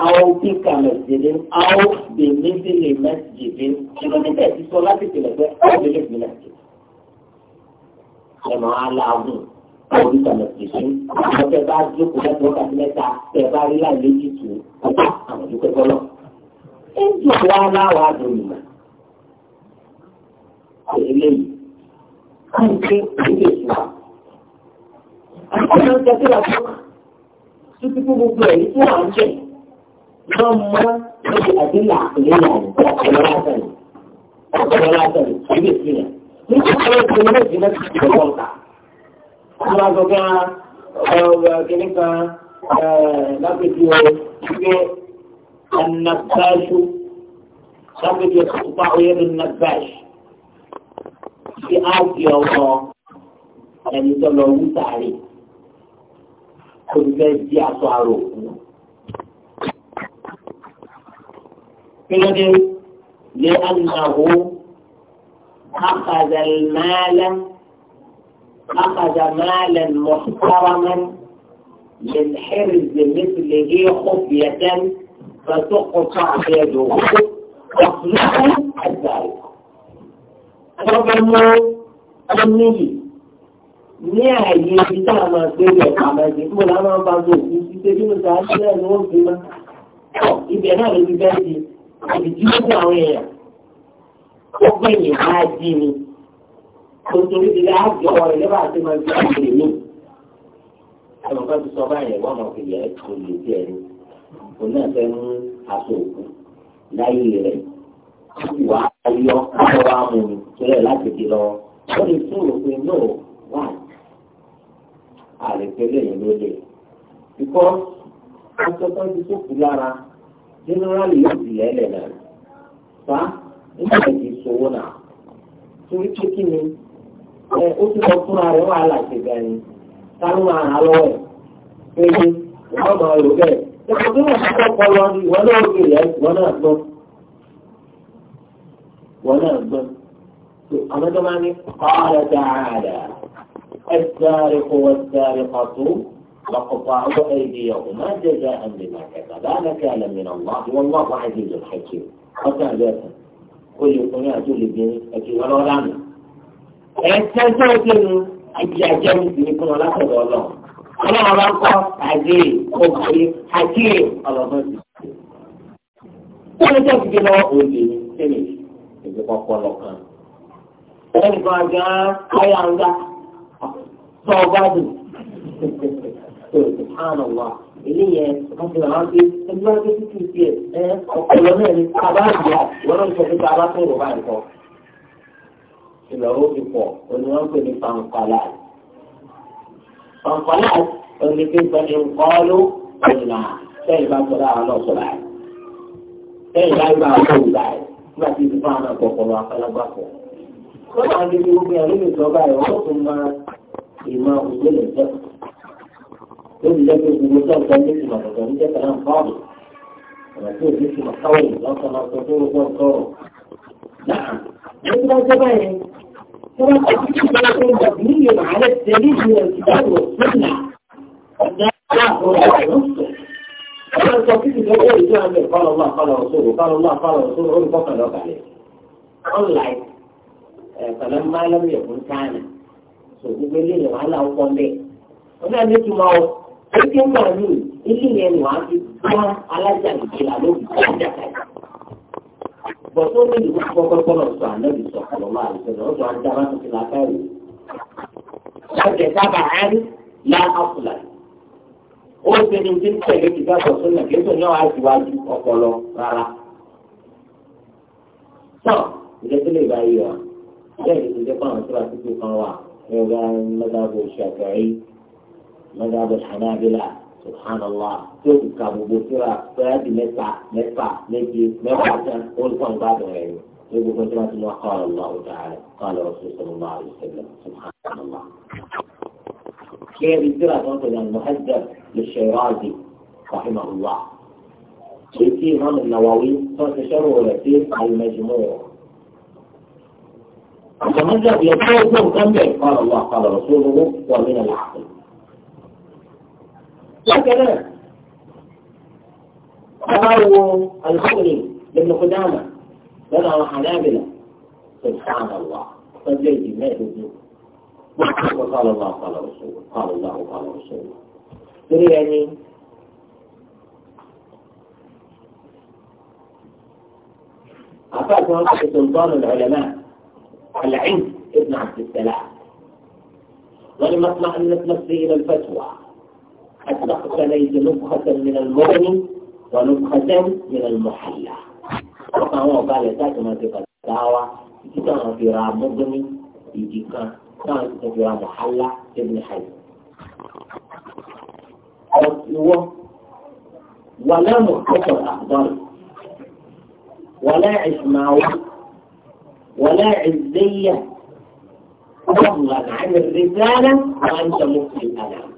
Speaker 1: أو بك مسجد أو بمثل مسجد شنو بدأت الصلاة في أو بمثل مسجد ẹ̀ máa láàgùn orí kan lọ́sẹ̀ sí. Àwọn tẹ bá jókòó láti wákàtí mẹ́ta tẹ bá rí láì méjì tù ú àwọn ìdúpẹ́ bọ́lọ̀. Ẹ ń jù wá láwa dòmìnà. Eléyìí, a ń gbé ìdílé ìtura. Àkọ́kọ́ ń tẹ́tí la fún títí fún gbogbo ẹ̀yí tí wọ́n ń jẹ́. Wọ́n mọ ẹ̀jẹ̀ àdínlà ìlú ìyàwó ọ̀pọ̀lọ́lá nígbà tí wọ́n ti mẹ́rin jìnnà sí ìjọba ọ̀tà. Àwọn àgbọ̀gá kìíní kan lápẹ̀jù ṣígbé ànàbáṣu lápẹ̀jù ọ̀pá oyè ní nàbáṣu sí áàkì ọ̀wọ́ ẹni tó lọ wú tààrí kò ní fẹ́ di aṣọ àrò òkú. Kí ló dé? Lé ànàwó. أخذ المال أخذ مالا محترما من حرز مثله خفية فتقطع يده وخلقه الزائق ربما أمني نهاية بتاما سيدي الحمازي تقول أنا أبعدوك في سيدي مزاعدة نور فيما إذا هذا بباسي بجيبتها وياه ó gbẹ̀yìn máa jí ni nítorí ilé àjọ rẹ̀ lẹ́bàá tí máa ń gbé àgbèrè mi. ti sọ báyìí wọ́n mọ̀ pé ìyá ẹ̀kọ́ lè jẹ́ ẹni òun náà fẹ́ mú aṣọ òkú láyé rẹ̀ wà á yọ káwọ́ wa mi tẹ́lẹ̀ láti di lọ. wọ́n lè tún rò pé no wà àrètẹ́lẹ̀ yẹn ló lè. ikọ́ aṣọ tó ń di sókù lára jẹ́nẹ́rálì yóò di lẹ́lẹ̀ náà. nígbà tí kì í sowó náà torí pé kí ni ẹ ó ti lọ fúnra rẹ̀ wà láti gani táwọn máa rà lọ́wọ́ ẹ̀ pé wọ́n máa lò bẹ́ẹ̀ ẹ̀kọ́ tó wọ́n ti kọ́kọ́ lọ ní ìwọ náà ó gbèrè ìwọ náà gbọ́ ìwọ náà gbọ́ àwọn tó máa ní kọ́ọ̀rọ̀ dáadáa السارق والسارقة فاقطعوا أيديهما جزاء بما كسبا نكالا من الله والله عزيز حكيم. olùkùnrin àti olùbìnrin ẹ̀kí wọn lọ́ọ́ dànù. ẹ̀sẹ̀ tó ń kéwù àti àjẹmú sì ní fún wọn látọ̀dọ̀ ọlọ́ ọlọ́run bá ń kọ́ àdé obìnrin àti ọlọ́gbọ́n sì. wọ́n ní tẹ́sí gbé ní sẹ́mi ìdí kọ́kọ́ lọ́kàn. ẹnìkan àgbà káyà ń gbà sọ ọgbà dùn. eléyẹn wọ́n fi hàn pé ẹgbẹ́ wọn pé títí tiẹ̀ ẹ ọ̀pọ̀lọ́ náà ni bàbá àgbà wọ́n náà sọ pé bàbá tó rọ̀ báyìí kọ́. ìlọ́wọ́ ti pọ̀ òní wọ́n pè ní fanfàlà. fanfàlà òní pé pẹ̀lú nkọ́ọ́lù ọ̀nà sẹ́yìn bá sọ̀rọ̀ àwọn náà sọ̀rọ̀ àyè. sẹ́yìn bá gba àwọn olùgbà yẹn nígbà tí ìdìbò àwọn máa ń gbé gbogbo ẹ̀rí ó ti jẹ́ gbogbo tó ń ní ìtumọ̀ tọ̀tọ̀ ní jẹ́ta náà fáàbù ọ̀nà tí ò ní ìtumọ̀ káwọn ìlọ́sọ̀ máa sọ tó rọ́pọ̀ sọ̀rọ̀.
Speaker 2: Náà, ó ti jẹ́ báyẹn, tí wọ́n
Speaker 1: kọ́ Unlike ẹ̀kọ́lẹ́ máa lọ́mọ ìyẹ̀kún káàní. Sọ gbogbo Ẹgbẹ́ náà ní ilé yẹn wà á fi gbọ́ alájà ìjìlá lórí alájà kàkà. Bọ̀dọ́ ní ìlú kọ́kọ́kọ́rọ̀ sọ ànábì sọ kọlọ́mọ àlùfẹ́lẹ́ ọ̀dọ̀ ajára tó ti lápá rè. Ṣàjẹ̀ sábà án lá àfùlà. Ó ṣe ní ti tẹ̀lé ti dábọ̀ sọ́nà kí ètò náà á ti wájú ọpọlọ rárá. Tọ́ ìdẹ́sílẹ̀ ìbáyé wa, bẹ́ẹ̀ ni ti jẹ́ fún àwọn tí wàá مذهب الحنابلة سبحان الله تو كابو بوسيرا فاد نتا نتا نجي نتا قول فان بعد غيره تو بوسيرا قال الله تعالى قال رسول صلى الله عليه وسلم سبحان الله كيف بيسيرا مثلا عن للشيرازي رحمه الله ويسي هم النووي فتشروا على المجموع فمن ذا كم قال الله قال رسوله ومن العقل وهكذا قالوا الخولي لابن قدامة لنا حنابلة سبحان الله قد ما يجي وقال الله قال رسوله قال الله قال رسوله تري يعني أعطاك وقت سلطان العلماء على عند ابن عبد السلام ولم اطمأنت نفسي إلى الفتوى أطلقت ليس نبخة من المغني ونبخة من المحلى فهو قال ذات ما في الدعوة كان في رام كان في رام محلى ابن حي أيوة. ولا مختصر أخضر ولا عشماوي ولا عزية فضلا عن الرسالة وأنت مخفي الألام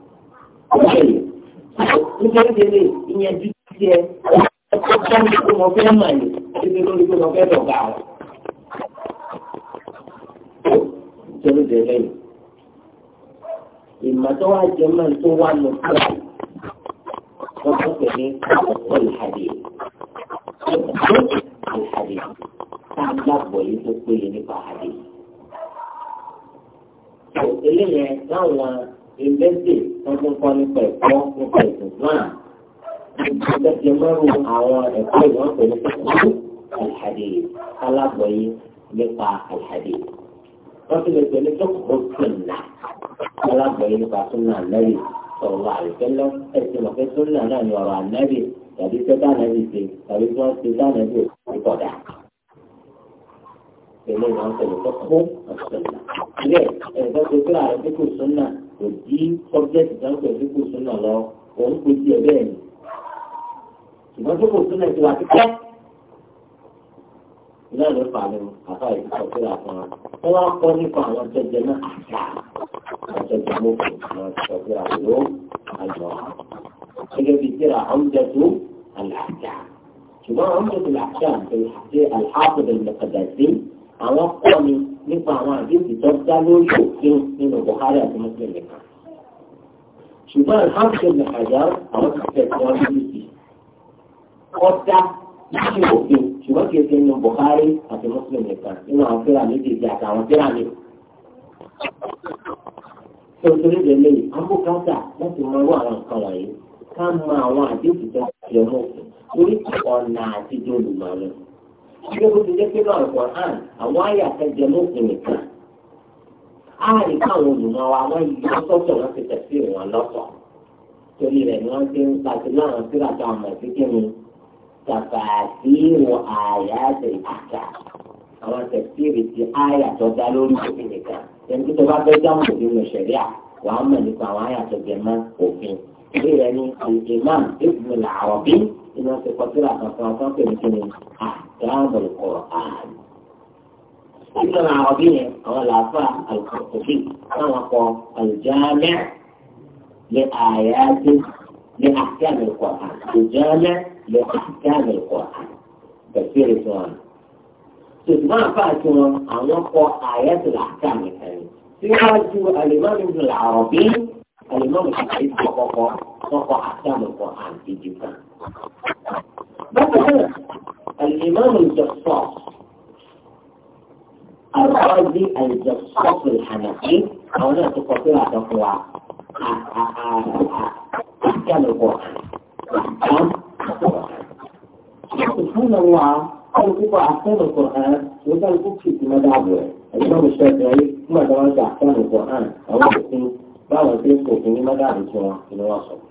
Speaker 1: nítorí tèmi tó ń kó mọ fẹ́ mà tó wà lọ síra wọ́n yìí tó péye nípa àdé. ìgbésẹ̀ wọ́n tún kọ́ nípa ẹ̀kọ́ nípa ètò náà. Ìgbésẹ̀ ti mọ́rù àwọn ẹ̀kọ́ ìwọ̀n pẹ̀lú pẹ̀lú àlàdé alábọ̀yé nípa àlàdé. Wọ́n ti lè pẹ̀lú tọ́kùnkùn sùnà alábọ̀yé nípa sùnà lẹ́yìn sọ̀rọ̀ àìsẹ́lẹ̀ ẹ̀sìn ọ̀fẹ́ sùnà náà ni ọ̀rọ̀ ànábì tàbí sẹ́dá ànábì ṣe tàbí tí wọ́n ṣe dá ànábì ìkọ̀dà. Pẹ̀lú ìwọ̀n pẹ̀lú tọ́kùnkùn sùnà. Ilé ẹ̀dọ́ kò dí sọ́bjẹ́tì dáńtọ̀ tí kò súnà lọ òun kò di ẹ̀bẹ́ ẹ̀ ṣùgbọ́n tí kò súnà ti wà títẹ́ iná ló fà ní àfa ìsọ pé àfọn wọn wá kọ́ nípa àwọn jẹjẹ náà àṣà àwọn jẹjẹ mọ́kù àwọn ìsọ pé àlọ́ àlọ́ gẹ́gẹ́ bí tíra àwọn jẹjọ àlàáfíà ṣùgbọ́n àwọn jẹjọ àlàáfíà àti àti àlàáfíà ìlẹ̀kọ̀dà sí àwọn kọ́ ni nípa àwọn àdéhùn tó dá lórí òfin nínú Buhari àti Muslim nìkan. ṣùgbọ́n alhamdulilayi ní àjà àwọn kàfẹ́ tí wọ́n ti di ọ̀dà láti òfin ṣùgbọ́n kì í ṣe nínú Buhari àti Muslim nìkan nínú àwọn fẹ́ra méjèèjì àti àwọn fẹ́ra mi. Tòtòrí lèlè àbúkátà láti mọ irú àwọn nǹkan wọ̀nyí ká mọ àwọn àdéhùn tó ti ọmọ òfin torí ọ̀nà àtijọ́ olùmọ̀ọ́lẹ́ ilé tó ti jẹ́ pé náà lọ́kọ̀ hàn àwọn àyà kẹjẹ lópin nìkan á rí káwọn olùmọ̀ wa wọ́n yí lọ́sọ̀tọ̀ wọ́n ti tẹ̀sí wọn lọ́sọ̀ torí rẹ̀ ni wọ́n ti ń pàṣẹ láwọn síra tó àmọ̀ sí kí ni tàfàtì wọn àyà ti àṣà àwọn tẹ̀sí rẹ̀ ti àyà tó dá lórí òfin nìkan ẹni tó bá fẹ́ jáwọ́ òfin lọ ṣẹ̀ríà wàá mọ̀ nípa àwọn àyà tó jẹ mọ́ òfin. ilé rẹ̀ ni al-Imam Ibn al iná ti kọ́ sílà kankan àtọ́kẹ́ ní kíni àdáàbò ìkọ̀rọ̀ ààrẹ. Ìgbọ́n àwọn bí yẹn àwọn làáfà àlùkòkòkì táwọn kọ àlùjáàmẹ́ lé àyájú lé àkíyàmẹ́ ìkọ̀rọ̀ ààrẹ. Àlùjáàmẹ́ lé àkíyàmẹ́ ìkọ̀rọ̀ ààrẹ. Bẹ̀sẹ̀rẹ̀ tí wọ́n. Ṣùgbọ́n àfà àti wọn àwọn kọ àyájú làákàmẹ́ kẹrin. Síwájú àlùmọ́nì ìlú àrọ̀bí àlùmọ́nì ìlú àkọ́kọ́ wọ́n kọ àkíyàmẹ́ ìkọ̀rọ̀ ààrẹ الإمام الجصاص الرازي الجصاص الحنفي أو لا تستطيع تقوى أحكام القرآن أحكام القرآن سبحان الله قال كوكا أحكام القرآن وقال كوكي في مدعبه الإمام الشافعي ما دعوه أحكام القرآن أو لا تستطيع باوة تيسكو في مدعبه في الوسط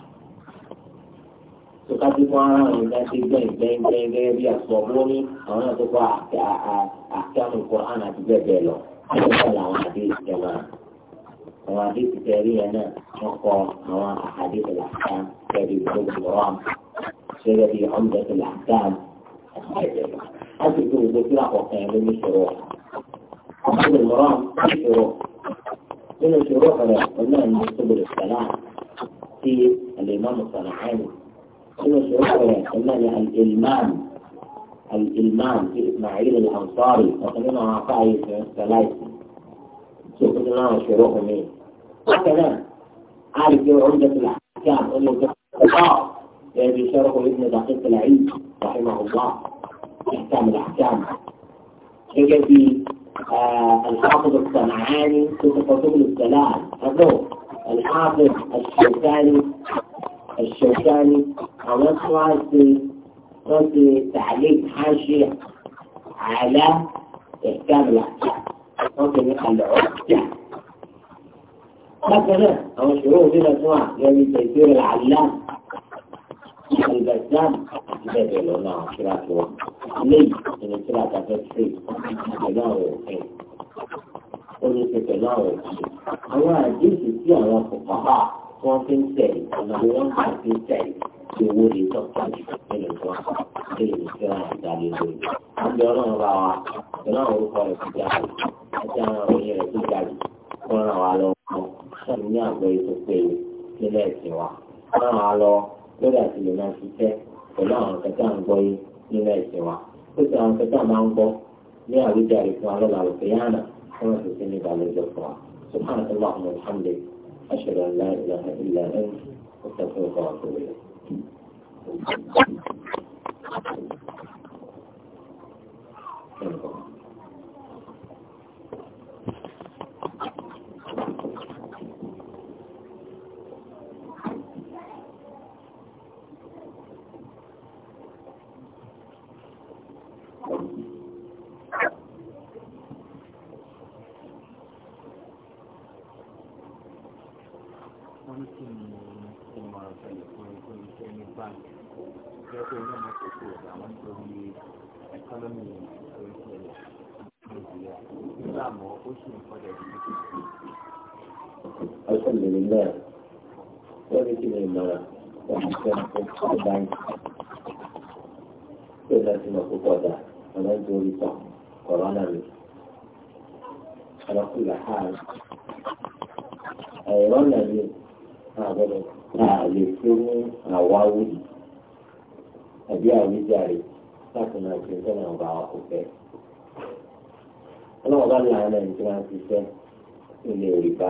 Speaker 1: tó ká tó wọn ara rẹ̀ gbẹ̀yìn gbẹ̀yìn gẹ́gẹ́ bí àsọ̀bọ́ ní àwọn náà tó kọ́ àkíyàmù kọ́ránà àti bẹ́ẹ̀ bẹ́ẹ̀ lọ. Àwọn wọ́n làwọn àdé ìjọba àwọn àdé ti rí yẹn náà wọ́n kọ́ àwọn àdé ìlàkà kẹ́rì ìgbòkùnrán ṣẹlẹ̀ bí ọ̀mdẹ ìlàkà àti ìgbòkùnrán àti ìgbòkùnrán ìṣòro ní ìṣòro ìṣẹ̀lá sí هو شعور يسمونه الإلمان في إسماعيل الأنصاري وقدمها عطائي في شوف لنا شروحهم مين هكذا عارف في عمدة الأحكام أنه الله يجي يعني شرحه ابن دقيق العيد رحمه الله أحكام الأحكام يجي في آه، الحافظ الصنعاني في تفاصيل الثلاث الحافظ الشيطاني الشوكاني أو أصواتي صوتي تعليق حاشية على إحكام الأحكام صوتي العقدة هكذا أو شروع في الأسماء يعني تيسير العلام البسام بدل الله شراكه لي من شراكة فتحي تلاوه قلت تلاوه هو جنس السيارة فقهاء wọ́n fi ń tẹ̀lé ọ̀nà ni wọ́n gbà fi ń tẹ̀lé tí owó lè tọ́ka jù nínú ìjọ ilé ìfẹ́ àgbàlẹ̀ lórí. Àbí ọlọ́run bá wa ìlú àwọn orúkọ rẹ̀ ti ga jù àti àwọn òye rẹ̀ ti ga jù kó ràn wá lọ mọ́ sọ̀rọ̀ ní àgbọ̀ ètò péye nílẹ̀ ẹ̀sìn wa. Ràn wá lọ lórí àti lè máa ṣiṣẹ́ pẹ̀lú àwọn kẹta ń gbọ́ yìí nílẹ̀ ẹ̀sìn wa. Ó sì àwọn kẹta máa ń gbọ́ ní àwíjàre fún alọ́lá òkè yánà kí wọ́n ti sí ní ìbàlẹ̀ ìjọ fún wa. Subhanallah wa bihamdihi. أشهد أن لا إله إلا أنت أستغفرك وأتوب إليك Thank you. jẹ́ iná máa tètè ọ̀dà wọn nítorí ẹkọ́nọ́mì
Speaker 2: orílẹ̀ nàìjíríà nígbà mọ́ ó sì ń kọ́lẹ̀ ní kíkì.
Speaker 1: alhamdulillah wọ́n ti lè mọ̀ láti fẹ́ fún ọ̀dáyìn tó láti mọ̀ púpọ̀ dà ọ̀nà ìdórí tán kọ̀rọ́nà rẹ̀ ọ̀rọ̀kùnrin àárín ẹ̀rọ nàìjíríà àgbọ̀dọ̀ àlè tó ní àwáwí àbí àwíjàre láti máa ṣe sọ́nà ọba kò fẹ́. ọlọ́wọ́ bá ní àwọn ẹni tí wọ́n ti fẹ́ ilé ìrìbá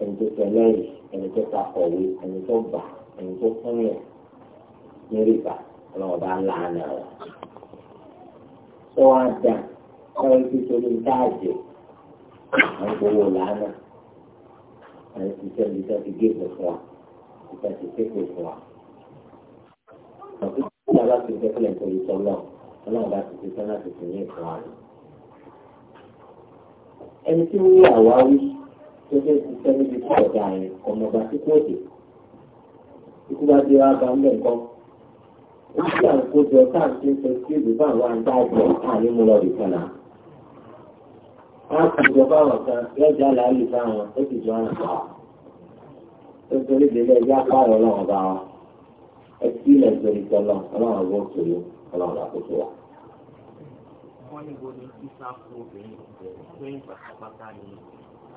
Speaker 1: ẹni tó fẹ́ lẹ́yìn ẹni tó ta kọ̀wé ẹni tó gbà ẹni tó fún yẹn ní ìrìbá ọlọ́wọ́ bá ń làánà rẹ̀. sọ wá dà ọ̀rọ̀ ìfìsọ́lù dáàjẹ́ àwọn owó làánà àti ìfìsọ́lù ìfìsọ́lù gé ìfọ̀ fún wa ìfìsọ́lù ìfìsọ́lù fún wa tí ẹni tí wọ́n yà wá wí tó fẹ́ ti fẹ́ níbi tí ọ̀dà yẹn ọmọọba tí kò dé ikú bá dé wá bá ń bẹ̀ nǹkan ó sì à ń ń sọ sí ìlú bá àwọn àǹtá àjọ àní mú lọ nìkan náà. wọ́n ti jọ báwọn kan lọ́jà làálì báwọn ó sì jọ àwọn ọ̀gá. ó torí délé ẹjọ́ apá ọ̀rọ̀ náà bá wọn ẹtí ilẹ̀ ìjọba ìjọba ọlọ́run àwọn òṣèré ọlọ́run àkókò wa. wọ́n ní wo ni sísá fún obìnrin ìbẹ̀rẹ̀ lẹ́yìn pátápátá ni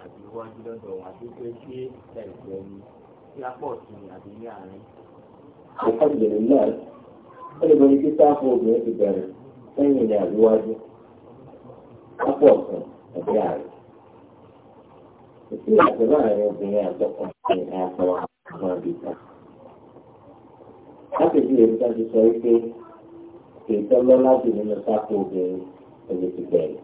Speaker 1: àbí iwájú lọ́dọ̀ wọn àti pé ṣé ẹ̀gbẹ́ ni tí a pọ̀ sí ni àbí ní àárín. ọ̀pọ̀ ìbẹ̀rẹ̀ náà ó lè borí sísá fún obìnrin ìbẹ̀rẹ̀ lẹ́yìn ilẹ̀ àríwájú lápò ọ̀sán ẹ̀bí àárín. ìsí àtẹ̀lẹ́ àárín obìnrin àtọkùnrin àtàwọn àwọn àbíkà láti bí èyí tó ti sọ wípé èyí tó lọ́lá jù nínú sáfù obìnrin ẹni ti bẹ̀rẹ̀.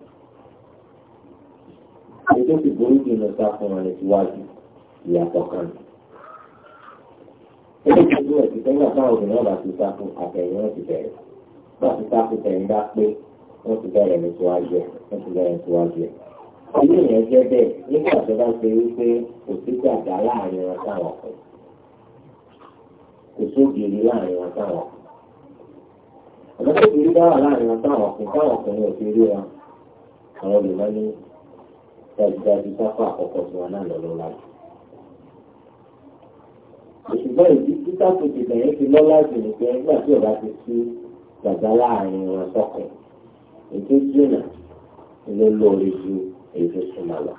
Speaker 1: èyí tó ti borí jù nínú sáfù wọn ni tiwájú ìyàtọ̀ kan. èyí tó ti ẹ̀sìn tẹ́lẹ̀ táwọn obìnrin ọ̀bà ti sáfù àtẹ̀yìn wọn ti bẹ̀rẹ̀. wọ́n ti sáfù tẹ̀yìn bá pé wọ́n ti bẹ̀rẹ̀ ní tiwájú ẹ̀ wọ́n ti bẹ̀rẹ̀ ní tiwájú ẹ̀. ilé ìyẹn jẹ́ bẹ́ẹ̀ nígbà tó bá ṣe wípé kò sí kò sóògìrì láàrin wọn táwọn ọ̀nà tó wà láàrin táwọn ọkùnrin wa àwọn olùmọ̀ ní dájúdájú sáfà àkọ́kọ́ tí wọn náà lọ lọ́la jù òṣùgbọ́n ìdí ti bẹ̀rẹ̀ ti lọ́la jù ní pé nígbà tí ti sí gbàgbá láàrin wọn sọ́kùn ètò jìnnà ló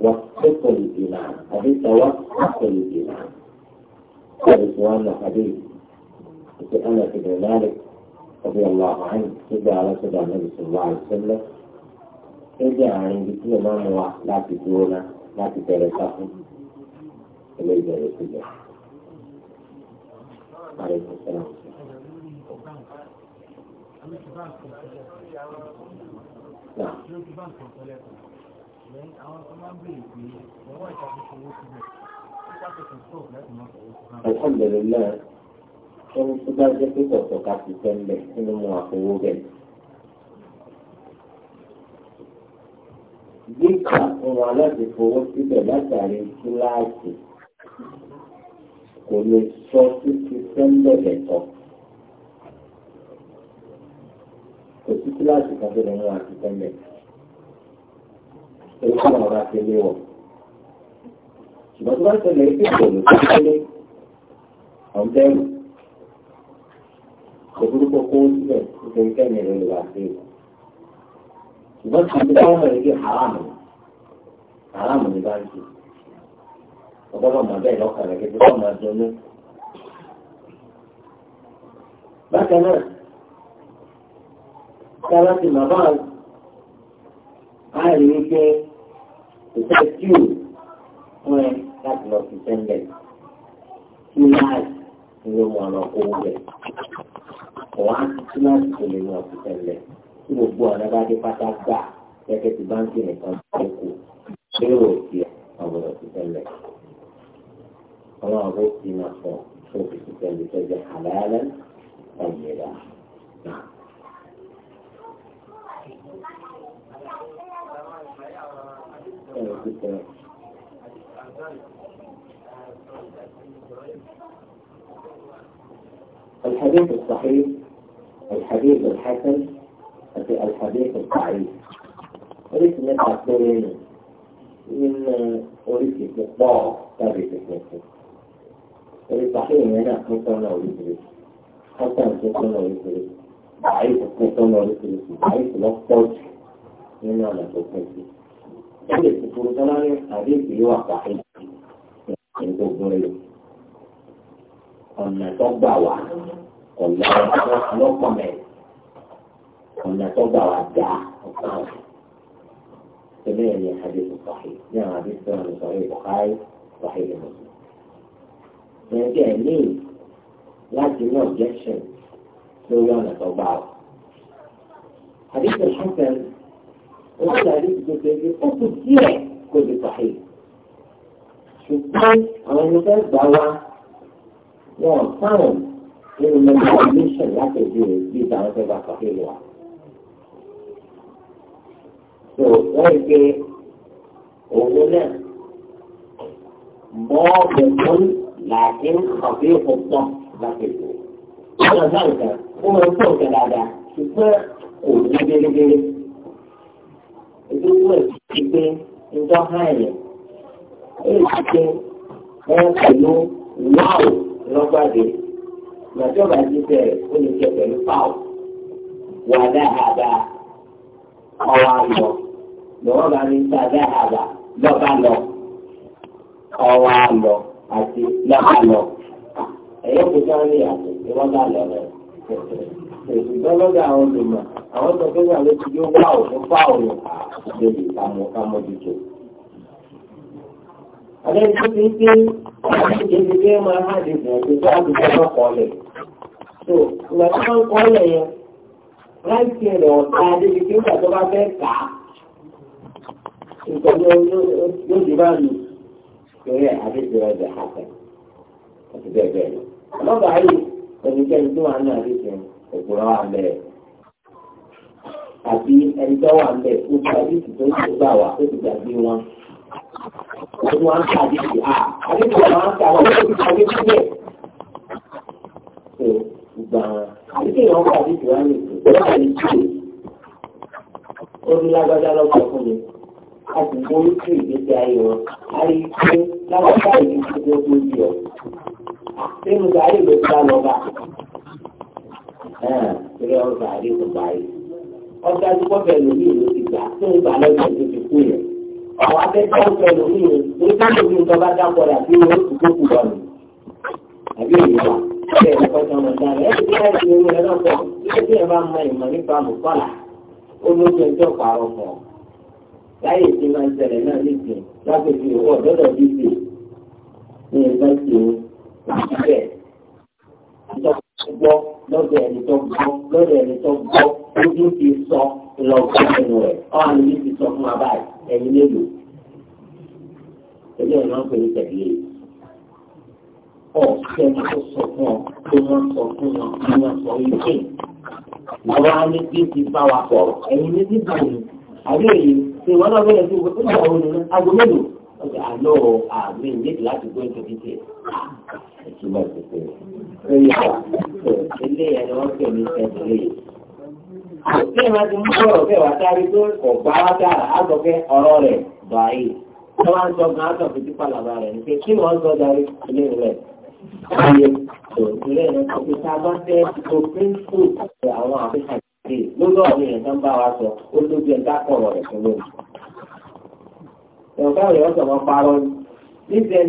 Speaker 1: وقف الإيمان حديث وثق الإيمان قال إخواننا حديث أنس بن مالك رضي الله عنه إذا على سيدنا النبي صلى الله عليه وسلم إجا عن جسم ما لا تدونا لا تدرسه إليه يرسل عليكم السلام نعم lẹ́yìn àwọn tó máa ń bèèrè pé ọwọ́ ìṣàkóso
Speaker 2: owó ti bẹ̀ ó
Speaker 1: ṣàkóso stop láti máa fọwọ́ sí báńkì. alhamdulilayi ẹni tó bá pé kọ̀ọ̀tọ̀ ká ti tẹ́lẹ̀ nínú mu àfọwọ́ bẹ̀. gbígbà ohun aláàbò fowó síbẹ̀ látàrí kíláàsì kò lè sọ títí tẹ́lẹ̀ lẹ́tọ̀ọ́. kò sí kíláàsì kan tó lè mú àti tẹ́lẹ̀ èyí tí wọn wọn. ṣùgbọ́n tó bá tẹ̀lé pé ìròyìn tó tẹ̀lé ọ̀dẹ́rù òbúrúkọ kó sílẹ̀ nítorí kẹ́mi rẹ̀ ṣùgbọ́n tí ìdílé wọn rẹ̀ kí haramu haramu ní báńkì ọgbọ́dọ̀ mọ̀ bẹ́ẹ̀ lọ́kàn rẹ̀ kí wọ́n máa dunnú. bákan náà tí a á rí i pé kò fẹ́ tí ò fún ẹ láti lọ sí sẹ́ńdẹ̀ tí láì ló mọ ọ̀nà owó rẹ̀ ọ̀wá tí láti kò lè mọ sí sẹ́ńdẹ̀ tí gbogbo ọ̀nà bá dé pátá gbà gẹ́gẹ́ ti báńkì nìkan tó kù lérò sí ọ̀gbọ̀nà sí sẹ́ńdẹ̀ ọlọ́run ó ti máa sọ fún òfin sí sẹ́ńdẹ̀ tó jẹ́ àlàyé ọ̀yẹ̀dà náà. الحديث الصحيح الحديث الحسن الحديث الضعيف وليس من أكثرين من وليس مقدار ثابت نفسه أن هنا خلطنا وليس حسن خلطنا وليس ضعيف خلطنا وليس ضعيف لا ترجح من أنا خلطنا lè kúkúrú tó lọ́rẹ́ àbí ìpìlẹ̀ wà pàṣẹ ní gbogbo rẹ̀. ọ̀nà tó gbà wá ọ̀nà ọlọ́pàá mẹ́rin ọ̀nà tó gbà wá dá ọ̀pá rẹ̀. سمعني يعني حديث صحيح نعم حديث سنة صحيح البخاري صحيح مسلم يعني لكن no objection لو أنا توبعه حديث الحسن wọ́n là ní ìgbésẹ̀ ẹgbẹ́ ó kù díẹ̀ kò lè pàṣẹ. ṣùgbọ́n àwọn ẹni fẹ́ gbà wá wọn fáwọn nínú mẹ́ta mission láti rẹ̀ bí ìgbà fẹ́ gbà pàṣẹ lọ tó wọ́n rí pé òun náà mọ́ọ̀bù fún làákín àbí ọ̀pọ̀ láti rẹ̀. wọ́n lọ sáà nǹkan ó máa ń pọ̀ nǹkan dáadáa ṣùgbọ́n kò ní gẹ́gẹ́ èdè wọ̀ sí pé ǹjọ́ hàyẹ̀ ó lè ṣe wọ́n pẹ̀lú wáò ìgbàjọba jíjẹ rẹ̀ ó lè jẹ pẹ̀lú pàò wà dáadáa ọ̀wà lọ lọ́wọ́ bá ní ta dáadáa lọba lọ ọ̀wà lọ àti lọba lọ ẹ̀yọ́ kò sáré àti ìwọ́n bá lọ rẹ̀. ṣùgbọ́n lọ́dọ̀ àwọn ló ti yóò wá òun nke ọjà bẹ́ẹ̀ bẹ́ẹ̀ Ọlọ́gbà òkúra wà Àti ẹni wà mẹ́ kó sáyẹ́sì tó ń tó gbà wá tó ti gbàgbé wọn. Wọ́n wá ń sáyẹ́sì à àdéhùn máa ń sáwọn tó ti gbàgbé síbẹ̀. Ìgbà àdéhùn wọn kọ wọn ní ìgbà wọn ní ìgbà. Ó ní lágbájá lọ́kọ̀ fún mi. A sì mú oríṣi ìgbésí ayé wọn. A rí i pé lágbájá ìlú ti gbé gbójú ọ̀. Nínú sáré ìlú ti bá lọ torí ọ̀rọ̀ sàárè kò báyìí. ọ̀gá àdúgbò bẹ̀rẹ̀ lórí ìlú ti gbà tó ń gbà lọ́jọ́ tó ti kú yẹn. àwọn akẹ́kọ̀ọ́ bẹ̀rẹ̀ lórí ìlú torí káàdì òfin tó bá dápọ̀ rẹ̀ àbí ìlú tó kú lọ nù. àbí ìlú wa bẹ́ẹ̀ ni kọ́ta ọmọ sáré ẹ̀ ti káyọ̀ sí orí ẹ̀ náà pọ̀ ilé tí ẹ̀ bá mọ ìmọ̀ nípa mùkọ́là ó ló ti ẹjọ́ pààrọ̀ pọ̀. láyé tí máa ń ṣẹlẹ̀ náà nìkan lágbègbè ìwọ̀ lọ́dọ̀ bíbí ní ẹgbẹ́ tí ó ti bẹ̀ gbọ́ lọ́dọ̀ ẹni tó gbọ́ lọ́dọ̀ ẹni tó gbọ́ lójú ti sọ lọ́gbọ́n ẹnu rẹ̀ ọ̀hún ni ti sọ fún wa ẹni mélòó. Ẹgbẹ́ ìlànà pẹ̀lú tẹ̀lé ọ̀sẹ̀ tó sọ fún ọ tó wọ́n sọ fún ọ tó wọ́n sọ wípé ìjọba á ní bí ti bá wa sọ̀rọ̀ ẹ̀yin ní bíbá òun àbẹ́ èyí ṣe wọ́n náà bẹ̀rẹ̀ sí ìwé tó ń bọ̀ òun nínú mélòó ìtumọ̀ ìpèsè tó yẹ ilé yẹn ni wọ́n pè ní sẹ́ńtìlì. Bí ìmọ̀ ti mú ọ̀rọ̀ bẹ́ẹ̀ wá sáré tó kọ̀ gbá wá dára, á sọ pé ọ̀rọ̀ rẹ̀ báyìí. Wọ́n wá ń sọ gan-an sọ fi tipa làbá rẹ̀ ní pé kí ni wọ́n sọ darí ilé rẹ̀. Ayé tó ìrẹ́ rẹ̀ kò fi ta bá fẹ́ tó píńtù àti àwọn àfihàn ìdílé lórí ọ̀rọ̀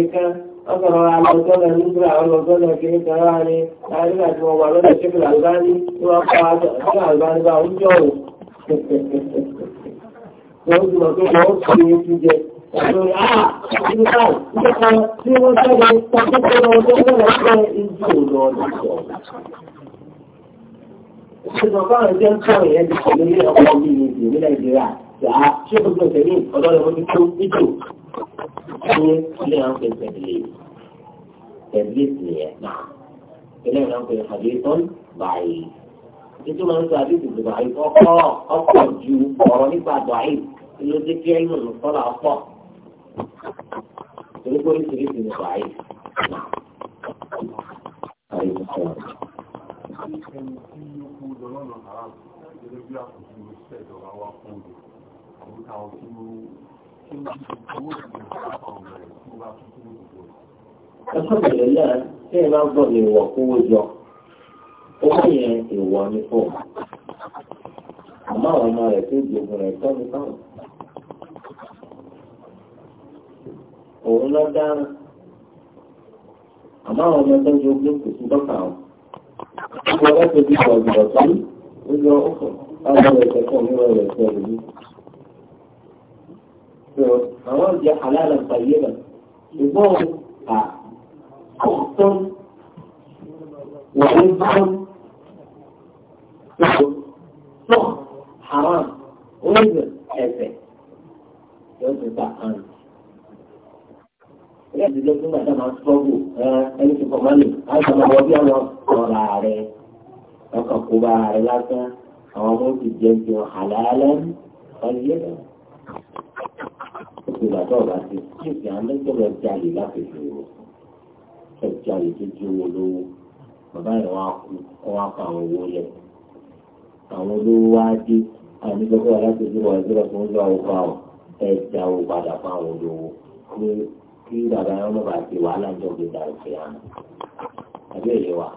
Speaker 1: yẹn ọkọ̀rọ̀ alọ́gọ́lẹ̀ nígbà ọlọ́gọ́lẹ̀ kìí kẹrà ní àríwá tí wọ́n wà lọ́dọ̀ tí ah, Ìjọba àwọn ìjẹ́ ń kọ́ ìyẹn ti pẹ̀lú ilé ọkọ̀ bíi ní Nàìjíríà yàrá tí o gbọ́dọ̀ tẹ̀lé ọlọ́run ojú tó ìjò ṣe ilé àwọn fẹ́ tẹ̀lé tẹ̀lé tìyẹ̀ náà ilé àwọn fẹ́ tẹ̀lé tán báyìí títí máa ń sọ àdéhùn ìdìbò àyè ọkọ ọkọ ju ọ̀rọ̀ nípa àgbà yìí tí kí ẹ̀yìn òun kọ́là ọkọ̀ torí pé oríṣiríṣi nípa àyè náà. Thank you àwọn tí náà tí ẹ bá gbọ́ ìwọ̀ kówó jọ, owó yẹn ìwọ̀ ni fún un. àwọn ọmọ rẹ̀ tó gbogbo rẹ̀ tọ́ ní fáwọn. Òun lọ dáná. Àmọ́ àwọn ọmọ tó jogún kò sí dọ́kà wọn. Ìjọba tó bí ọ̀gbìn ọ̀tún, ó yọ ọkọ̀, báwo lọ ẹ̀kọ́ mi lọ rẹ̀ sọ̀rọ̀ فوالدي حلالا طيبا لذلك خط وعظم نخط حرام وعظم حسين يوجد تحان لأن ذلك ما كان أصفاده أنا تفضلي هذا ما هو بيانا قرار عليه وكقبار لك أمامك الجنة حلالا طيبا lópin ìgbàdọ̀ ọ̀gá ti kí ìsìn àmẹ́sọ̀rọ̀ jalè láti fi wò ẹ jalè tó ju owó lówó bàbá yẹn wá kú wọn wá fa àwọn owó lẹ àwọn olówó wá dé àwọn onígbàgbọ́ aláṣẹ ìlú wa ìjọba tó ń lọ àwọn fa owó padà fún àwọn olówó kí bàbá yẹn lọ́ba àti wàhálà ń dọ̀gbẹ́ dàrú sí àná àbí èyí wa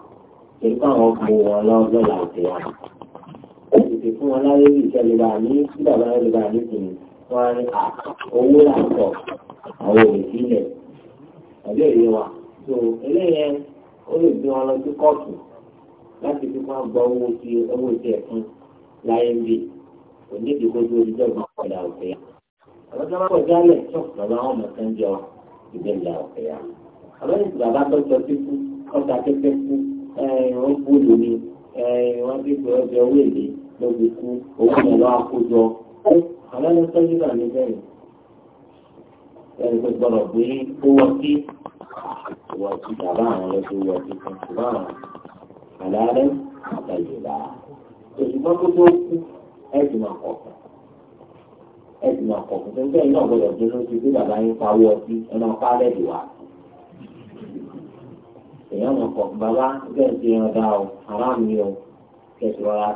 Speaker 1: èyí fáwọn kò wọn lọ́jọ́ làǹtẹ̀ àná ẹ tètè fún wọn láyé ìṣẹ̀lẹ̀ wọ́n owó làtọ̀
Speaker 2: àwọn olùdílé
Speaker 1: àbí èyí wa tó eléyẹn ó lè gbé wọn lọ sí kóòtù láti fi máa gba owó ti owó ti ẹ̀fún láyé ń bí tó di jẹ́ padà òkè yá. àwọn tó bá pọ̀ jálẹ̀ tó bàbá wọn mọ̀ sán jọ ìgbẹ́lẹ̀ òkè yá. àwọn èsì bàbá tó sí kú kú kú owó èlé àlàyé tọ́jú ní bẹ́ẹ̀ ẹni tó gbọ́dọ̀ pé ó wọ sí ìwọ sí bàbá àwọn lọ́sọ̀ wọ sí ṣùgbọ́n àwọn àlàyé àtàlẹ́ bá tó tó kú ẹ̀sìn máa ẹ̀sìn máa kọ̀ fún bẹ́ẹ̀ náà gbọ́dọ̀ dé lójú bí bàbá yín pa wọ sí ẹ máa pa èèyàn máa kọ̀ bàbá bẹ́ẹ̀ ti rán dá o aráàlú o kẹsì rọra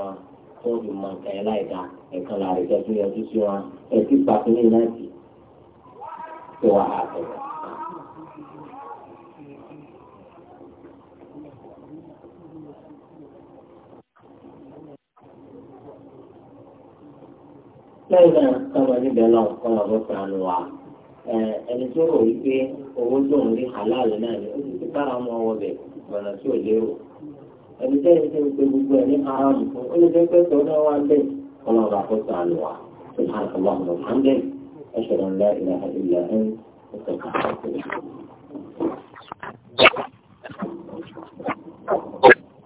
Speaker 1: wa tó fi mọ nǹkan ẹ̀ láì dá ẹ̀kan láàrin jẹ́ tó yọjú sí wọn ẹ̀ sì gbà fún yín láti tó wà á tẹ̀lé. lẹ́yìn kọ́mọ níbẹ̀ lọ́wọ́ kọ́mọ bó fún àánú wa ẹni tó rò wípé owó tó ń rí halal náà ni ó ti ti kára ọmọ ọwọ́ bẹ̀ lọ́nà tí ò lérò ẹni tẹ́ni tí ń pe gbogbo ẹ̀ ní aráàlú fún ó lè jẹ́ pé tó náà wá ń bẹ̀ ọlọ́run bá fẹ́ sàánù wa سبحانك اللهم وبحمدك أشهد أن لا إله إلا أنت أستغفرك